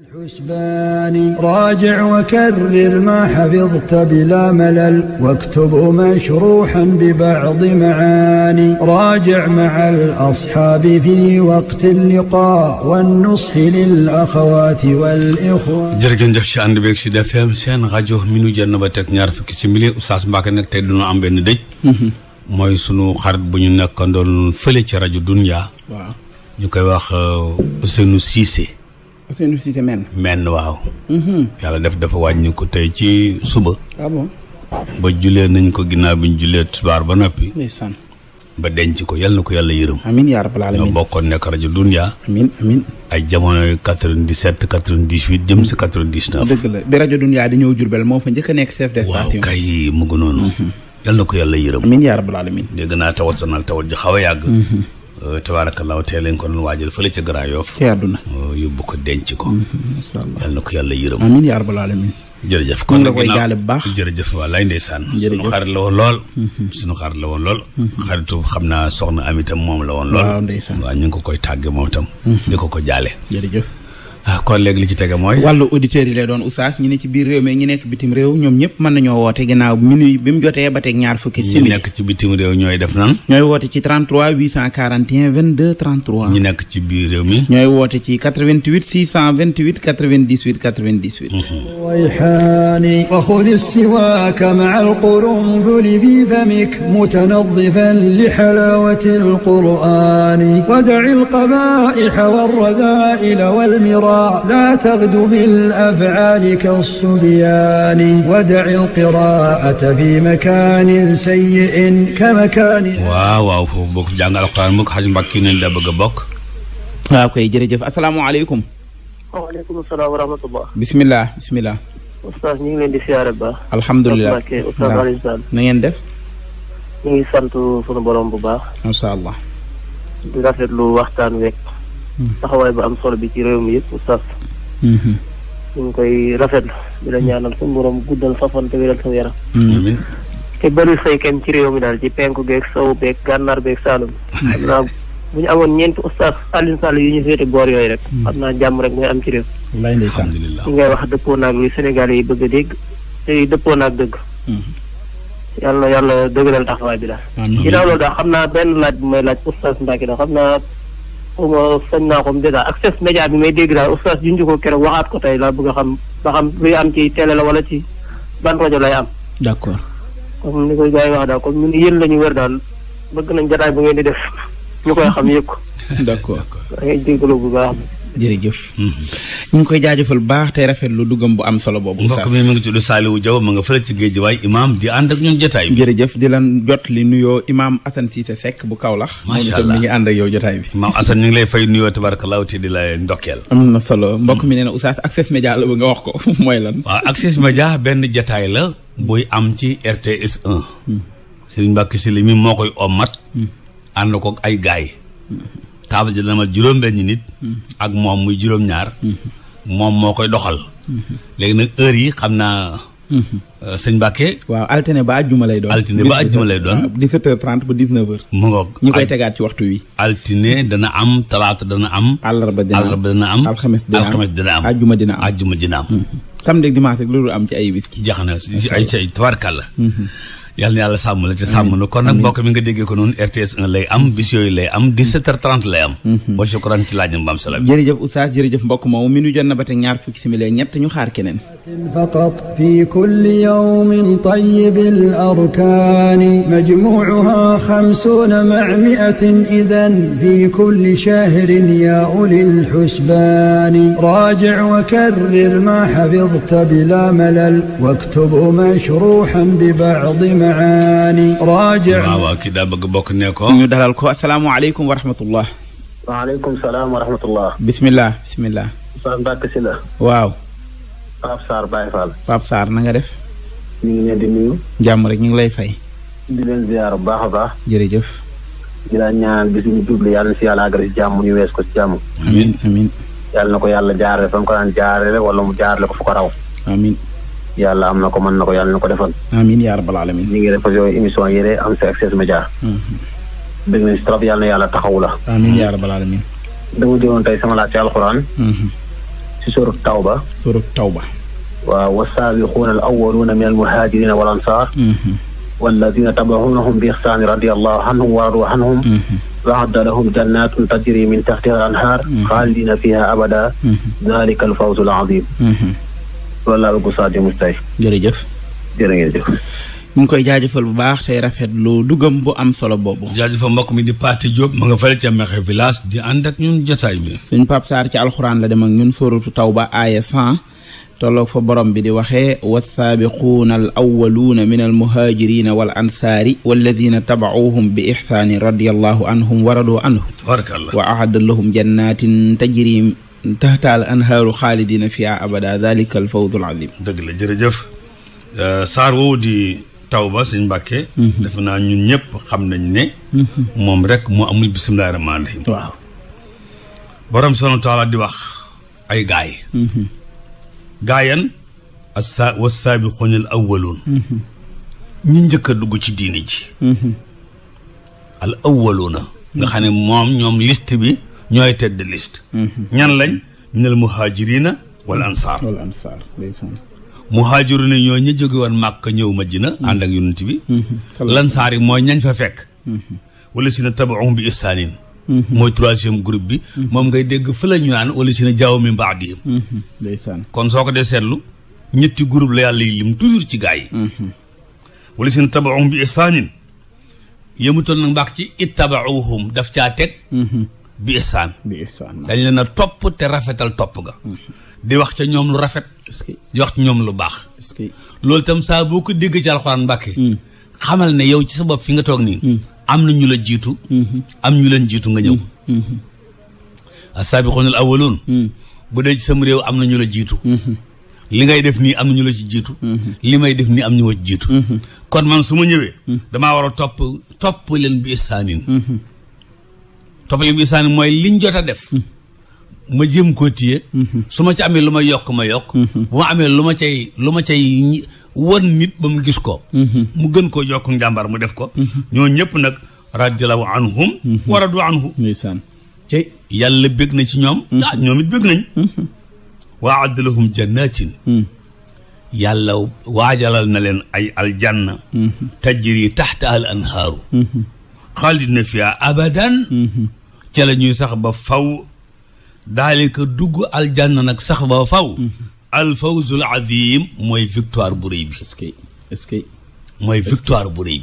الحسبان راجع وكرر ما حفظت بلا ملل واكتبه مشروحا ببعض معاني راجع مع الأصحاب في وقت اللقاء والنصح للأخوات والإخوة jërëjëf jëf si ànd beeg Sud FM seen rajo mi nu jënd ba teg ñaar fukki simili Oustaz Mbacké nag tey du ñu am benn dëj mhm. mooy sunu xarit bu ñu nekkandoon fële ci rajo Dunya ñu koy wax euh, Ousseynou Cissé Ousseynou Cissé menn. menn waaw. Mhm. yàlla def dafa wàññi ko tey ci suba. ah bon. ba julee nañ ko ginnaaw bi ñu julee tubaar ba noppi. ndeysaan. ba denc ko yal na ko yàlla yërëm. amiin yaa rabbal aalamiin ñoo bokkoon nekk rajo Dunia. amiin amiin. ay jamonoy 97 98 jëm si 99. dëgg la bi rajo Dunia di ñëw Jurbel moo fa njëkk a nekk chef de station. waaw kay mu ngi noonu. Mhm. yal na ko yàlla yërëm. amiin dégg naa tawat sanal tawat ji xaw a yàgg. Mhm. Euh, tabaarakallaahu tey lañ ko doon waajal fële ca Grand Yoff ci àdduna yóbbu ko denc ko macha mm-hmm. allah yal na ko yàlla yërëm amiin yaa rabbal alamin jërëjëf kon nag ginnaaw bu baax jërëjëf wallaay ndeysaan sunu xarit la woon lool mm-hmm. sunu xarit la woon lool mm-hmm. xaritu xam naa soxna amitam moom la woon lool waaw ndeysaan waaw ñu ngi ko koy tàgge moom itam di ko ko jaale Ah, kon léegi li ci tege mooy. wàllu auditeurs yi lay doon oustaz ñi ne ci biir réew mi ñi nekk bitim réew ñoom ñëpp mën nañoo woote ginnaaw minuit bi mu jotee ba teg ñaar fukki simili. ñi nekk ci bitim réew ñooy def nan. ñooy woote ci 33 841 22 33. ñi nekk ci biir réew mi. ñooy woote ci 88 628 98 98. ويحاني وخذ السواك مع القرنفل في فمك متنظفا لحلاوة القرآن ودع القبائح والرذائل والمراء الورى لا تغد بالأفعال كالصبيان ودع القراءة في مكان سيء كمكان waaw waaw foofu bokk jàng alxuraan mukk xaj mbàkk yi nañ la bëgg a bokk waaw koy jërëjëf asalaamaaleykum waaleykum salaam wa rahmatullah bismillah bismillah oustaz ñu ngi leen di siyaare ba alhamdulilah oustaz Alioune Sall na ngeen def ñu ngi sant sunu borom bu baax masha allah di rafetlu waxtaan wekk taxawaay bu am solo bi ci réew mi yëpp oustaz. Mhm. ñu ngi koy rafetlu di la ñaanal suñu borom guddal fafan te wéral sa yaram. amiin te bëri saykan ci réew mi daal ci penku beeg sowu beeg gànnaar beeg saalum. bi naa bu ñu amoon ñeenti oustaz Alioune Sall yu ñu féete yooyu rek. Mm. xam naa jàmm rek am ci réew. walaay ndeysaan li ngay wax dëppoo naag lu Sénégalais yi bëgg a dégg te dëppoo naag dëgg. Mm-hmm. yàlla yàlla dëggalal taxawaay bi daal. amiin ginnaaw daal xam naa benn laaj bu may laaj oustaz Mbacke daal xam naa xaw ma sañ naa ko mu ak accès média bi may dégg daal oustaz junj ko keroog waxaat ko tey laa bëgg a xam ba xam luy am ci télé la wala ci ban rajo lay am. d'accord. comme ni ko gars yi wax daal comme ñun yéen la ñu wër daal bëgg nañ jotaay bu ngeen di def ñu koy xam yëpp. d'accord. da ngay jégalu bu baax. jërëjëf. Mm-hmm. ñu ngi koy jaajëfal baax tey rafet lu duggam bu am solo boobu. mbokk mi mu ngi tudd Saliou ma nga fële ci géej waaye imaam di ànd ak ñun jotaay bi. jërëjëf di leen jot li nuyoo imaam Assane Cissé Seck bu Kaolack. macha allah mi ngi ànd yow jotaay bi. maam Assane ñu ngi lay fay nuyoo tabarakallah te di la ndokkeel. am na solo mbokk mi nee na Oustaz Access Média la ba wax ko mooy lan. waaw Access Média benn jataay la. buy am ci RTS 1. Serigne Mbacké Sylla mi moo koy omat. Hmm. ànd ko ay gaay hmm. taabal ji dana ma juróom-benn nit. Hmm. ak moom muy juróom-ñaar. Hmm. moom moo koy doxal. Hmm. léegi nag heure yi xam naa. Euh, sëñ Mbacke. waaw altine ba àjjuma lay doon. altine ba àjjuma lay doon. 17h30 ah, ba 19h. mu ngoog ñu koy tegaat ci waxtu wi. altine dana am talaata dana am. àllarba dina am àllarba dina am. am alxames dina am. àjjuma dina am àjjuma dina am. samedi ak dimanche am ci ay bis. ci na ci ay ci ay tabarkàlla. yàlla na yàlla sàmm la ci sàmm la kon nag mbokk mi nga déggee ko noonu RTS 1 lay am bis yooyu lay am 17h30 lay am mhm. wa shukran ci laaj na mbaam salaam jërëjëf oustaz jërëjëf mbokk moomu mi nu jot ba te ñaar fukki simili ñett ñu xaar keneen فقط في كل يوم طيب الأركان مجموعها خمسون مع مئة إذن في كل شهر يا أولي الحسبان راجع وكرر ما حفظت بلا ملل واكتبه مشروحا ببعض معاني راجع waaw kida bëgg bokk ne ko ñu dalal ko assalaamu aleykum wa rahmatullah waaleykum salaam wa rahmatullah bismillah bismillah Mbàkke si la waaw Pape Sarr Baye Fall. Pape Sarr na nga def. ñu ngi leen di nuyu. ñu ngi lay fay. di leen ziar bu baax a baax. jërëjëf. di la ñaan bis ñu jublu yàlla na si yàlla àggal jàmm ñu wees ko si jàmm. amiin amiin. yàlla na ko yàlla jaarale fa mu ko jaar jaarale wala mu jaarale ko fu ko raw. amiin. yàlla am na ko mën na ko yàlla na ko defal. amiin yaa rabbal alamin. ñu ngi def yooyu émission yi rek am sa accès média. dégg mm-hmm. nañ si yàlla yàlla taxawu la. ci suurat tawba suurat tawba waaw wassaabiquuna al awwaluuna min al muhaajirina wal ansaar mm-hmm. walladina tabaxuunahum bi ixsaani radiallahu anhum wa radu anhum mm-hmm. wa adda lahum jannaatun tajri min taxtiha al anhaar xaalidina mm-hmm. fiha abada dalika al fawzu al azim loolu laa bëgg Oustaz Yuunus Tey jërëjëf jërë ngeen jëf mu ngi koy jaajëfal bu baax tey rafet lu dugam bu am solo boobu jaajëfal mbokk mi di Pathé Diop ma nga fële ca Mexe village di ànd ak ñun jotaay bi suñ Pape Sarr ci alxuraan la dem ak ñun sóoratu Tawba aaya cent tolloog fa borom bi di waxee wassaabiquuna al awaluuna min al muhaajirina wal ansaari walladina tabacuuhum bi ixsaani radiallahu anhum wa radu anhu tabarakallah wa ahadda lahum jannatin tajri tahtaal anhaaru xaalidina fiha abada dalika al fawzu al azim dëgg la jërëjëf euh, saar woowu di taw ba sëñ Mbàkke mhm. defe naa ñun ñëpp xam nañ ne mhm. moom rek moo amul bisimilahi rahmaani rahim waaw borom di wax ay gaay mhm. gaayan asa wassaabiquuna al awwaluun ñi njëkk a dugg ci diini ji al awwaluuna nga xam ne moom ñoom liste bi ñooy tedd liste ñan lañ minal muhaajirina wal ansaar ansaar mu muhaajiruna ñoo ña jóge woon màkk ñëw madina ànd ak yonent bi lansaar yi mooy ñañ fa fekk wala si na tabaxum bi istaanin mooy troisième groupe bi moom ngay dégg fa la ñu naan wala si na jaaw mi mbaax dihim ndeysaan kon soo ko dee seetlu ñetti group la yàlla yi lim toujours ci gaa yi wala si tabaxum bi istaanin yëmutoon nag mbaax ci ittabaxuhum daf caa teg bi ihsaan bi ihsaan dañ leen a topp te rafetal topp ga di wax ca ñoom lu rafet di wax ci ñoom lu baax. loolu tam saa boo ko dégg ci alxuraan mbàkke hmm. xamal ne yow ci sa bopp fi nga toog nii. Hmm. am na ñu la jiitu. Hmm. am ñu leen jiitu nga ñëw. asaabiqoon al awaloon. bu dee ci sam réew am na la jiitu. li ngay def nii am na ñu la ci jiitu. li may def nii am ñu jiitu. kon man su ma ñëwee. damaa war a topp topp leen bi ihsaanin. topp leen bi ihsaanin mooy liñ jot a def. ma jéem koo téye mhm. su ma ci amee lu ma yokk ma yokk mhm. bu ma amee lu ma cay lu ma cay wan nit ba mu gis ko mhm. mu gën koo yokk njàmbaar mu def ko ñoo ñëpp nag radiallahu anhum wa radu anhu ndeysaan te yàlla bég na ci ñoom ah ñoom it bég nañ wa adda lahum jannatin na leen ay aljanna tajri taxta al anhaaru xaalidina fiha abadan ca ñuy sax ba faw daalika dugg aljanna nag sax ba faw mhm. alfawzul azim mooy victoire bu bi est-ce que mooy victoire bu rëy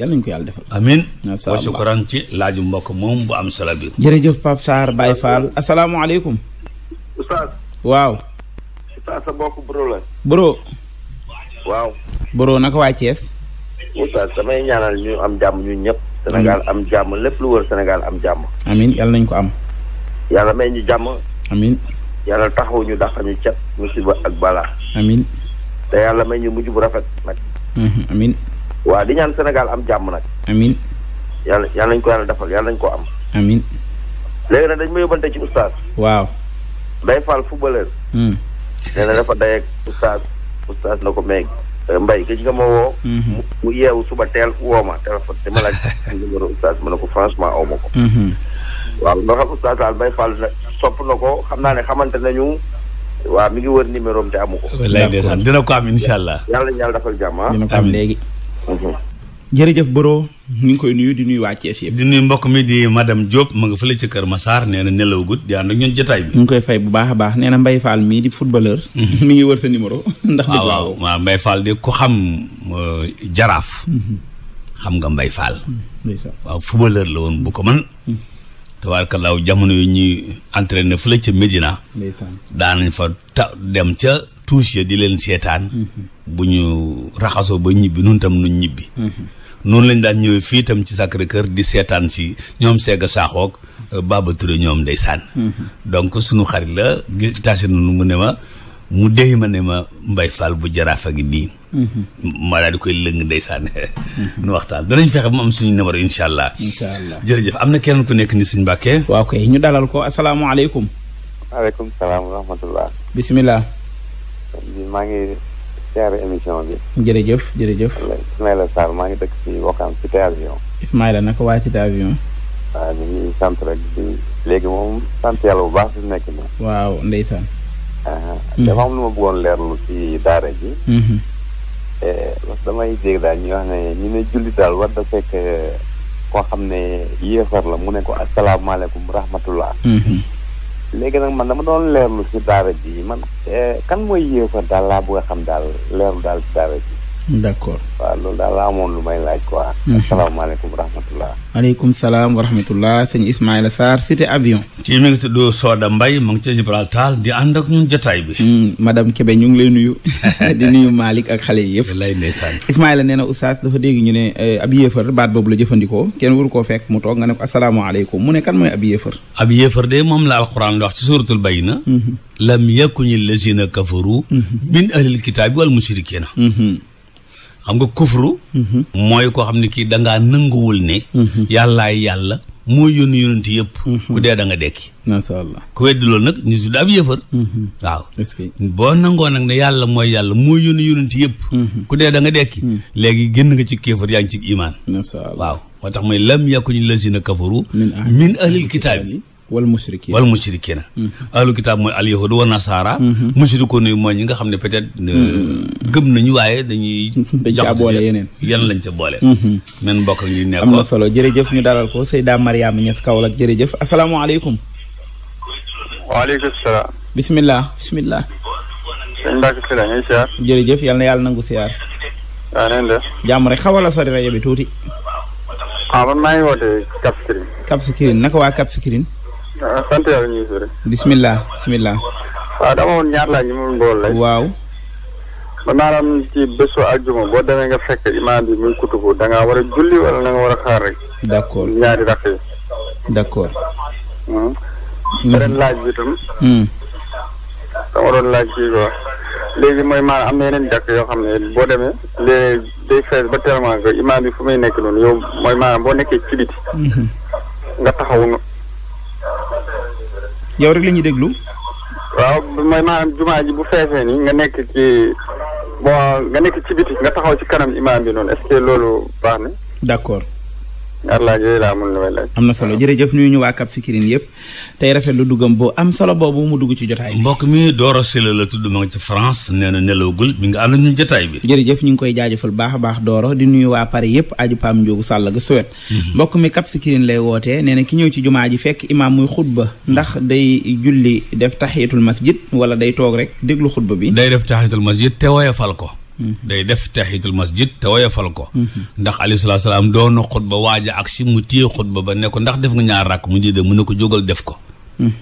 yàlla nañu ko yàlla defal amin wa shukran ci laaju mbokk moom bu am solo bi jërëjëf Pape bay Baye Fall asalaamaaleykum oustaz waaw oustaz sa mbokk bro naka waa Thiès samay ñaanal ñu am jàmm ñu ñëpp Sénégal am jàmm lépp lu wër Sénégal am jàmm amin yàlla nañ ko am yàlla may ñu jàmm. amiin yàlla taxaw ñu dafa ñu cet musiba ak balaa. amiin te yàlla may ñu mujj bu rafet nag. Mhm, amiin waa di ñaan Sénégal am jàmm nag. amiin yàlla yàlla nañ ko yàlla defal yàlla nañ ko am. amiin léegi nag dañ ma yóbbante ci oustaz. waaw. day faal footballeur. Hmm. nee na dafa dayeeg oustaz oustaz na ko meeg. mbay gëj nga ma woo. mu yeewu suba teel woo ma téléphone dama laaj numéro oustaz ma ne ko franchement aw ma ko. Mhm. waaw noo xam oustaz daal Baye Fall sopp na ko xam naa ne xamante nañu. waa mi ngi wër numéro am te amu ko. wallaahi ndeysaan dina ko am incha allah. yàlla ñu yàlla defal jàmm ah. dina ko am léegi. Mhm. jërëjëf Boro ñu ngi koy nuyu di nuy waa Thiès yëpp. di nuyu mbokk mi di madame Diop ma nga fële ca Kër Massar nee na nelaw gudd di ànd ak ñun jotaay bi. ñu ngi koy fay bu baax a baax nee na Mbaye Fall mii di footballeur. Mhm. mi ngi wër sa numéro. ndax dëgg waaw waaw Mbaye Fall de xam euh, jaraaf. Mhm. xam nga Mbaye Fall. Mhm. waaw footballeur la woon bu ko mën. tabaarkalaaw jamono yi ñuy entraîné fële ca Medina. daan nañ fa ta dem ca Touche di leen seetaan. bu ñu raxasoo ba ñibbi nun tam nu ñibbi mm-hmm. noonu lañ daan ñëwee fii tam ci Sacré kër di seetaan si ñoom Séga Sakho ak euh, Baba Touré ñoom ndeysaan mm-hmm. donc suñu xarit la gi tasi nanu mu ne ma mu dey ma ne ma mbay Fall bu jaraafa ngi nii mm-hmm. ma daal di koy lëng ndeysaan nu waxtaan danañ fexe mu am suñu numéro incha allah incha allah am na kenn ku nekk nii suñ Mbàkke waaw kay ñu dalal ko asalaamaaleykum waaleykum salaam wa rahmatullah teewlu émission bi. jërëjëf jërëjëf. Ismaïla Sarr maa ngi dëkk si Wokam Cité Avion. Ismaïla naka waa Cité Avion. waaw ñu sant rek léegi moom sant yàlla bu baax fi nekk nii. waaw ndeysaan. Uh-huh. dafa am lu ma bëggoon leerlu ci daara ji. Mm-hmm. Eh, parce que damay dégg daal ñuy wax ne ñu ne julli daal war da fekk eh, xam ne yéefar la mu ne ko asalaamaaleykum rahmatullah. Mm-hmm. léegi nag man dama doon leerlu ci daara ji man eh, kan mooy yéefar daal laa bëgg a xam daal leerlu daal ci daara d' accord waaw loolu daal laa amoon lu may laaj quoi. Mhm. asalaamaaleykum wa rahmatulah. maaleykum salaam wa rahmatulah sëñ Ismaïla Sarr cité avion. kii mi ngi mbay Soda Mbaye mu ngi di ànd ak ñun jotaay bi. Hmm, madame Kébé ñu ngi lay nuyu. di nuyu ak xale yi yëpp. lay ndeysaan. Ismaïla nee na dafa dégg ñu ne eh, ab yéefar baat boobu la jëfandikoo kenn waru koo fekk mu toog nga ne ko asalaamaaleykum mu ne kan mooy ab yéefar. ab yéefar de moom la alquran wax ci suuratul bayna. Mhm. lam yakuni lazina kafaru mhm. min xam nga kufru mhm. mooy koo xam ne kii dangaa nanguwul ne mhm. yàllaay yàlla moo yónni yónent yëpp mhm. ku dee da nga dekki macha allah ku weddi loolu nag ñu tudd ab yëfër waaw boo nangoo nag ne yàlla mooy yàlla moo yónni yónent yëpp ku dee da nga dekki léegi génn nga ci kéefër yaa ngi ci imaan waaw moo tax mooy lam yakun lazina kafaru min ahlil kitaabi wal musrikiina wal musrikiina mm-hmm. ahlul kitaab mooy al yahudu wa nasaara mm-hmm. musrikoon yi mooy ñi nga xam ne peut euh, mm-hmm. gëm nañu waaye dañuy dañ boole yeneen yan lañ ca boole men mbokk ak ñu solo jërëjëf ñu dalal ko Seyda Mariama Niass Kaolack jërëjëf asalaamaaleykum waaleykum salaam bisimilah bisimilah sëñ Mbacke Sylla jërëjëf yal na yàlla nangu siyaar waaw neen def jàmm rek xawal a sori tuuti ah man woote Cap Skirring Cap Skirring naka waa Cap Skirring Ah, sant yàlla ñuy sori. bisimilah bisimilah. waaw ah, dama woon ñaar laaj ñu mun bool rek. waaw. maanaam ci bésu àjjuma boo demee nga fekk imaam bi muy kutubu da a julli rek. d' ñaari rakk yi. d' hmm. mmh. laaj bi tam. Mmh. doon laaj kii mooy maanaam am na yeneen yoo xam ne boo demee léegi day fees fu muy nekk noonu yow mooy maanaam boo nekkee ci biti. Mmh. nga taxaw yow rek la ñuy déglu. waaw mooy maanaam jumaa ji bu feesee ni nga nekk ci bon nga nekk ci biti nga taxaw ci kanam imaam bi noonu est-ce que loolu baax na. d'accord. ñaar laaj yooyu laa mën am na solo jërëjëf ñu ñu waa Cap Skirring yëpp tey rafet lu duggam boo am solo boobu mu dugg ci jotaay bi. mbokk mi dooro Sylla la tudd ma nga ci France nee na nelawagul mi nga ànd ñu jotaay bi. jërëjëf ñu ngi koy jaajëfal baax a baax Doro di nuyu waa Paris yëpp aju Pam Ndiogu Sall ga Suède. Mhm. mbokk mi Cap Skirring lay wootee nee na ki ñëw ci jumaa ji fekk imaam muy xutba ndax day julli def taxiyatul masjid wala day toog rek déglu xutba bi. day def taxiyatul masjid te woyofal ko Mm-hmm. day def taxitul masjid te fal ko mm-hmm. ndax alayhi salaam doon na xutba waaja ak si mu téye xutba ba ne ko ndax def nga ñaar rakk mu jide mu ne ko jógal def ko mm-hmm.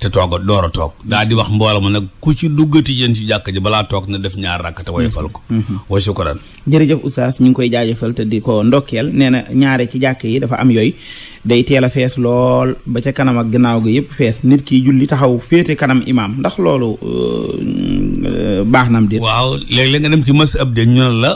te tooga door a toog daal di wax mbooloo ma nag ku ci duggati yéen ci jàkk ji balaa toog na def ñaar rakk te fal ko wa shukran jërëjëf oustaz ñu ngi koy jaajëfal te di ko ndokkeel nee na ñaare ci jàkk yi dafa am yooyu day teel a fees lool ba ca kanam ak gannaaw ga yëpp fees nit ki julli taxaw féete kanam imaam ndax loolu euh, baax na am déet. waaw léeg-léeg nga dem ci mas ab de ñu ne la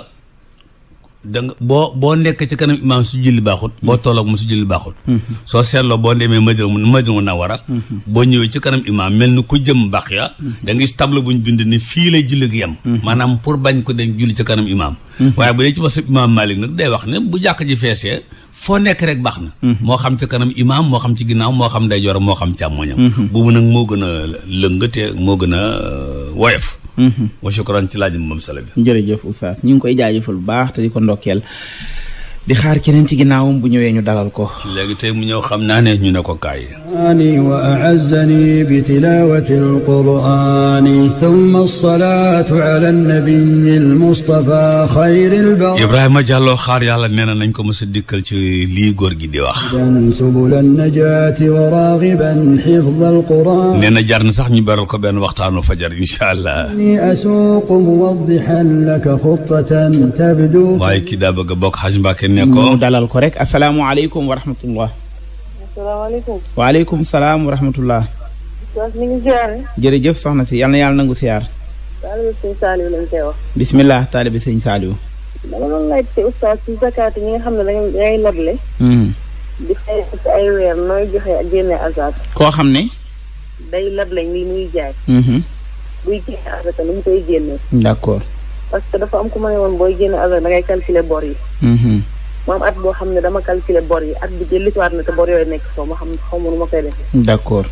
danga boo boo nekk ci kanam imaam su julli baaxut. boo tolloog mu su julli baaxut. Mhm. soo seetloo boo demee Madina Madina Nawara. Mhm. boo ñëwee ci kanam imaam mel ni ku jëm baax ya. Mhm. da nga bind ni fii lay julli gi maanaam pour bañ ko dañ julli ci kanam imaam. waaye bu dee ci mas imaam Malik nag day wax ne bu jàkk ji feesee. foo nekk rek baax na moo xam ci kanam imaam moo xam ci ginnaaw moo xam day jor moo xam càmmoñam boobu nag moo gën a lëng te moo gën a euh, woyof Mm-hmm. wa shukran ci laaj bi moom sala bi jërëjëf oustaz ñu ngi koy jaajëfal bu baax te di ko ndokkeel di xaar keneen ci ginnaawam bu ñëwee ñu dalal ko léegi tey mu ñëw xam naa ne ñu ne ko kaay ani wa a'azzani bi tilawati alqur'ani thumma as-salatu ala an-nabiy al-mustafa khayr al-barr Ibrahima Diallo xaar yàlla nee na nañ ko mos a dikkal ci lii góor gi di wax subul an-najati wa raghiban hifz al-qur'an nee na jar na sax ñu beral ko benn waxtaanu fajar insha allah ni asuqu muwaddihan laka khutatan tabdu waaye kii daa bëgg a bokk xaj Mbàkke génne mu dalal ko rek asalaamaaleykum wa rahmatullah. asalaamaaleykum. waaleykum salaam wa rahmatullah. ñu ngi ziar. jërëjëf soxna si yal na yàlla nangu siyaar. taalibe sëñ Saaliw lañ koy wax. bisimilah taalibe sëñ Saaliw. dama doon laajte oustaz si zakaat ñi nga xam ne dañuy dañuy leble. Hmm. di fay ay weer nooy joxe ak génne koo xam ne. day leble nii muy jaay. Hmm. buy génne azaka nu mu koy génne. d' accord. parce que dafa am ku ma ne woon booy génne azaka dangay ma am at boo xam ne dama calculer bor yi at bi dellusiwaat na te bor yooyu nekk foofu ma xam xaw ma ma koy defee. d'accord.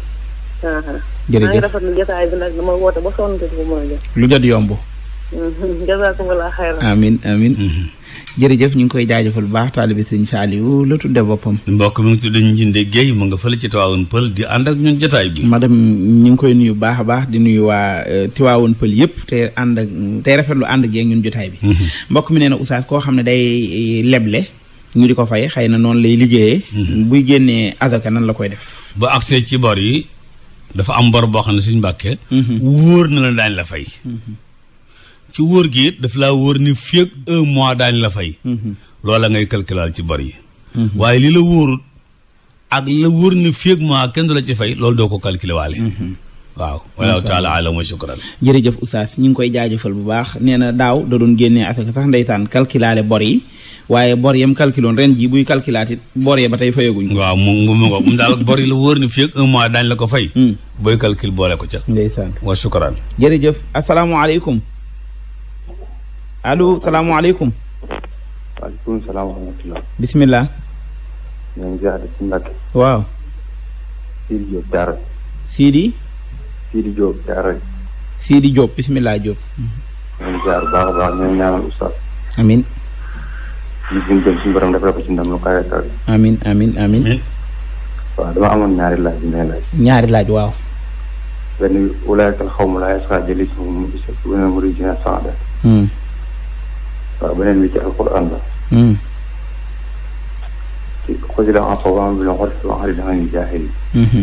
Uh-huh. jërëjëf maa ngi rafetlu ma mën a lu jot yomb. jazakumullah xayran. amiin mhm. jërëjëf ñu ngi koy jaajëfal bu baax taalibi sëñ Saliou la tudde boppam mbokk mi ngi tudde Njinde Guèye mu nga fële ci Tivaouane Pël di ànd ak ñun jotaay ñu ngi koy nuyu baax a baax di nuyu waa euh, Tivaouane Pël yëpp te ànd ak tey rafetlu ànd ak jotaay bi mhm. mbokk mi nee na koo xam ne day euh, leble ñu di ko fay xëy na noonu lay liggéeyee. Mhm. buy génnee azaka nan la koy def. ba accès ci bor yi dafa am bor boo xam ne suñu mbàkkee. Mhm. wóor na la daañ la fay. Mhm. ci wóor gi it daf laa wóor ni fii ak mois daañ la fay. la ngay calculer ci bor yi. waaye li la wóorut ak la wóor ni fii ak kenn du la ci fay loolu doo ko calculer waale. waaw wallahu taala alamu shukran jërëjëf oustaz ñu ngi koy jaajëfal bu baax nee na daaw da doon génnee asaka sax ndeysaan calculaale bor yi waaye bor yam calculoon ren ji buy calculaati bor ya ba tey fayaguñ waaw mu mu ko mu daal bor yi la wóor ni fii ak un mois daañ la ko fay hmm. booy calcul boole ko ca ndeysaan wa shukran jërëjëf asalaamaaleykum allo salaamaaleykum waaleykum salaam wa rahmatulah bismillah ñoo ngi ziar ci Mbàkke waaw Sidi Diop Daara Sidi Sidi Diop Thiaroy. Sidi Diop bisimilah Diop. ñoom ziar bu baax a ñaari laaj yu ñaari laaj waaw. benn wulaayatal xaw ma laay saa jëli si mu gis ak beneen mu di jënd sans date. waaw beneen bi ci alquran la. ci xojila en foofu am bi la xol sama xarit da nga ñu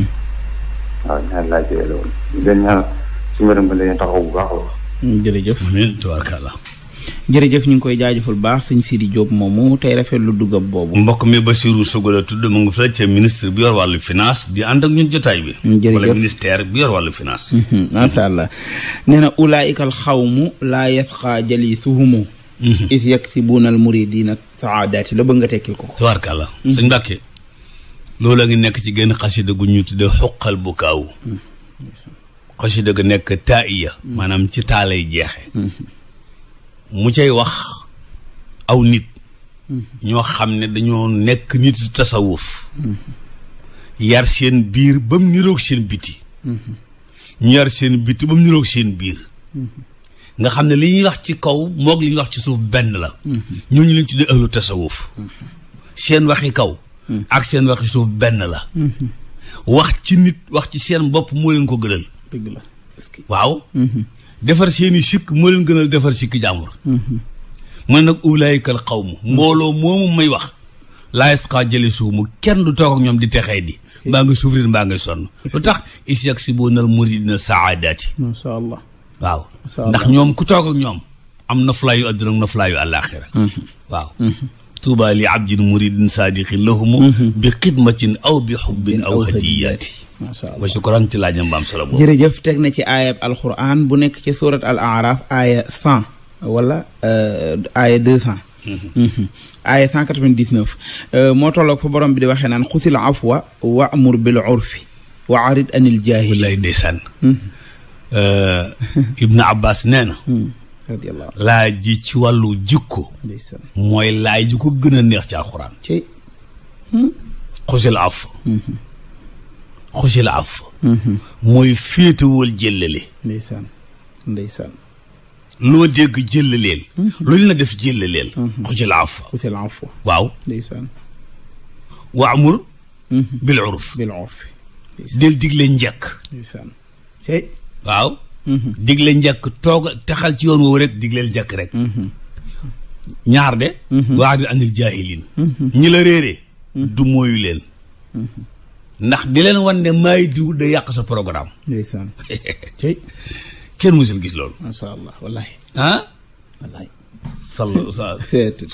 waaw ñaari laaj yooyu la woon di leen ñaan suñu yërëm la leen taxaw bu baax a wax. Mm, jërëjëf amiin tubaarkàlla. jërëjëf ñu ngi koy jaajëful baax sëñ Sidi Diop moomu tey rafet lu dugab boobu mbokk mi Bassirou Sogo la tudd mu ngi fële ca ministre bi yor wàllu finance di ànd ak ñun jotaay bi mm, wala ministère bi yor wàllu finance mm-hmm, masha allah nee na ulaayika al xawmu laa yasqa jalisuhumu mm-hmm. is yaksibuuna al muridina saadaati la bëgg nga tekkil ko tabaarkàlla sëñ Mbàkke loolu a ngi nekk ci genn xasida gu ñu tudde xuqal bu kaaw xasida gu nekk taaiya maanaam ci taalay jeexe mu cay wax aw nit ñoo xam ne dañoo nekk nit tasawuf yar seen biir ba mu niroog seen biti ñu yar seen biti ba biir nga xam ne li ñuy wax ci kaw moog li ñuy wax ci suuf benn la ñooñu lañ tuddee ahlu tasawuf seen waxi kaw ak seen waxi suuf benn la. wax ci nit wax ci seen bopp moo leen ko gënal. dëgg la waaw. Mhm. defar seeni sikk moo leen gënal defar sikk jàmbur. Mhm. man nag ulaayikal xawmu mhm. mbooloo moomu may wax. jële yasqa mu kenn du toog ak ñoom di texee di. mbaa suuf souffrir mbaa ngi sonn. lu tax is yaksibunal muridina saadaati. macha allah waaw. ndax ñoom ku toog ak ñoom. am na fulaayu àddina ak na fulaayu àllaaxira waaw. tuuba li abdin muridin saadiqin lahumu mhm. bi xidmatin aw bi xubbin aw hadiyaati macha allah wa shukran ci laajam baam solo boobu jërëjëf teg na ci aayab alquran bu nekk ci surat al araf aaya cent wala euh, aaya deux cent mhm. Mhm. aaya cent quatre-vingt-dix-neuf euh, moo tolloog fa borom bi di waxee naan xusil afwa wa amur bil urfi wa arid anil jaahil wallaay ndeysaan euh, ibnu abbas nee na hmm. laaj ji ci wàllu jikko mooy laaj ji ko gën a neex ci alxuraan ci hmm? xusil af mm-hmm. xusil af mm-hmm. mooy féetewal jëllale ndeysaan ndeysaan loo dégg jëllaleel mm-hmm. lu ñu la def jëllaleel wa amur bil urf bil urf del digle njëkk ndeysaan digle njëkk toog taxal ci yoon woowu rek digleel njëkk rek ñaar de waa di andil jaahilin ñi la réeree du mooyu leen ndax di leen wan ne maay diw da yàq sa programme ndeysaan kenn musul gis loolu macha allah wallahi ah wallahi sall sa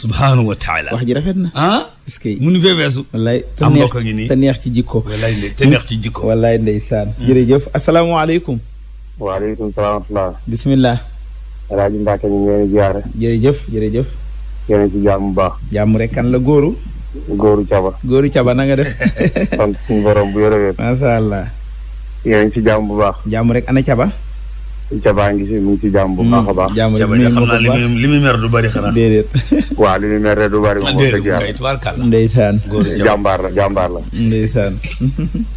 subhaanahu wa taala wax ji rafet na ah est-ce que munu fee weesu wallaay am mbokk ngi nii te neex ci jikko wallaay te neex ci jikko wallaay ndeysaan jërëjëf asalaamaaleykum waaleykum salaam wa rahmatulah. bisimilah. El Hadj Mbacke ñu ngi leen di ziare. jërëjëf jërëjëf. yéen ci bu baax. jàmm rek kan la góoru. góoru caba. góoru caba na nga def. sant bu yore wér. macha ci jàmm bu baax. jàmm rek ana caba. caba ngi si mu ngi ci jàmm bu baax mm, baax. jàmm rek mi xam naa li muy du bari xanaa. déedéet. waaw li muy du bari. moom wax dëgg yàlla ndeysaan. góoru caba jàmbaar la jàmbaar la. ndeysaan.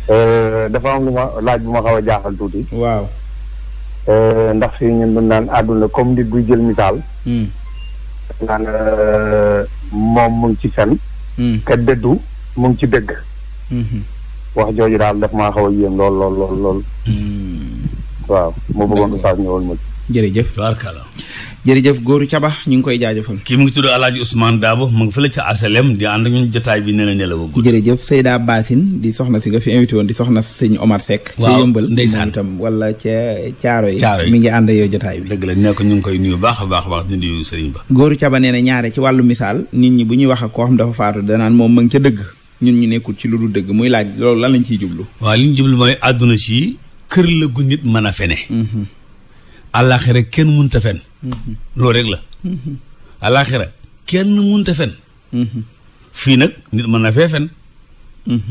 Euh, dafa am lu ma laaj bu ma xaw a jaaxal tuuti. waaw. Euh, ndax fii ñun dañu àdduna comme nit buy jël misaal. Hmm. naan euh, moom mu ci fen. ka hmm. dëddu mu ci dëgg. Hmm. wax jooju daal daf maa xaw a yéem lool lool lool waaw mu bëggoon oustaz ñëwal ma jërëjëf tubaarkala jërëjëf góoru caba ñu ngi koy jaajëfal kii mu ngi tudd alaaji Ousmane Daabo mu ngi fële ca asalem ne la ne la wa gudd jërëjëf Seyda Basin di soxna si nga woon di soxna sëñ Omar Seck waaw yëmbal ndeysaan itam wala ca mi ngi ànd yow jotaay bi dëgg la nee ko ñu ngi koy nuyu baax a baax a baax di nuyu sëriñ ba góoru caba nee ñaare ci wàllu misaal nit ñi bu ñuy wax ak koo xam dafa faatu danaan moom ma ngi ca dëgg ñun ñu nekkul ci lu dul dëgg muy laaj loolu lan lañ ciy jublu waa li ñu jublu mooy àdduna si kër la gu nit mën a fene mm-hmm. àllaaxira kenn munta fen mm-hmm. loolu rek la mm-hmm. àllaaxira kenn munta fen mm-hmm. fii nag nit mën na fee fen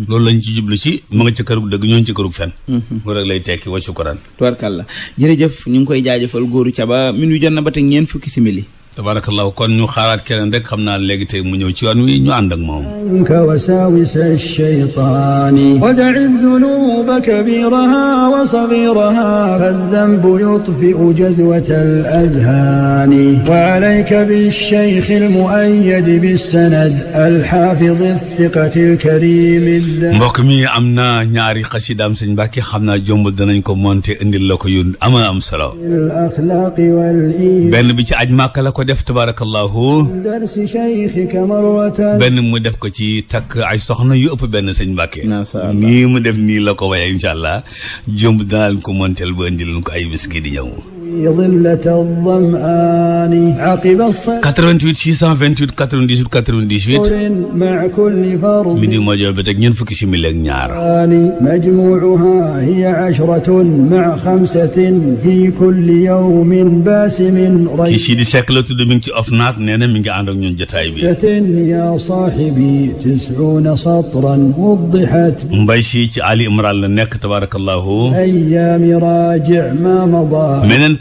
loolu lañ ci jublu ci ma nga ci dëgg ñooñu ci kërug fen loolu rek lay tekki wa sukkuraan tubarkalla jërëjëf ñu ngi koy jaajëfal góoru ca ba min wi jot na ba teg ñeent fukki simili tabarakallahu kon ñu xaaraat keneen rek xam naa léegi tey mu ñëw ci yoon wi ñu ànd ak moom ka wasawis ash-shaytaani wad'i dhunuba kabiraha wa saghiraha fadh-dhanbu yutfi'u jadwata al-adhani wa 'alayka bish-shaykh al-mu'ayyad bis-sanad al-hafiz ath-thiqati al-karim mbokk mi am na ñaari xasidaam sëñ Mbàkke xam naa jomb danañ ko monte indil la ko yu ama am solo benn bi ci aj Màkka la ko def tabaarakallaahu benn mu def ko ci takk ay soxna yu ëpp benn sëñ Mbàkke nii mu def nii la ko waaye incha allah jomb danaa leen ko monteel ba indi leen ko ay bis gi di ñëw 88 628 98 98 midi moo jël ba teg ñeent fukki simili ak ñaar majmuuha hiya ashratun maa xamsatin fi kulli yawmin baasimin kii si di sekk la tudd mi ngi ci OFNAC nee na mi ngi ànd ak ñun jotaay bi ya saahibi tisuuna satran wuddihat mbay si ci Ali Imran la nekk tabaarakallahu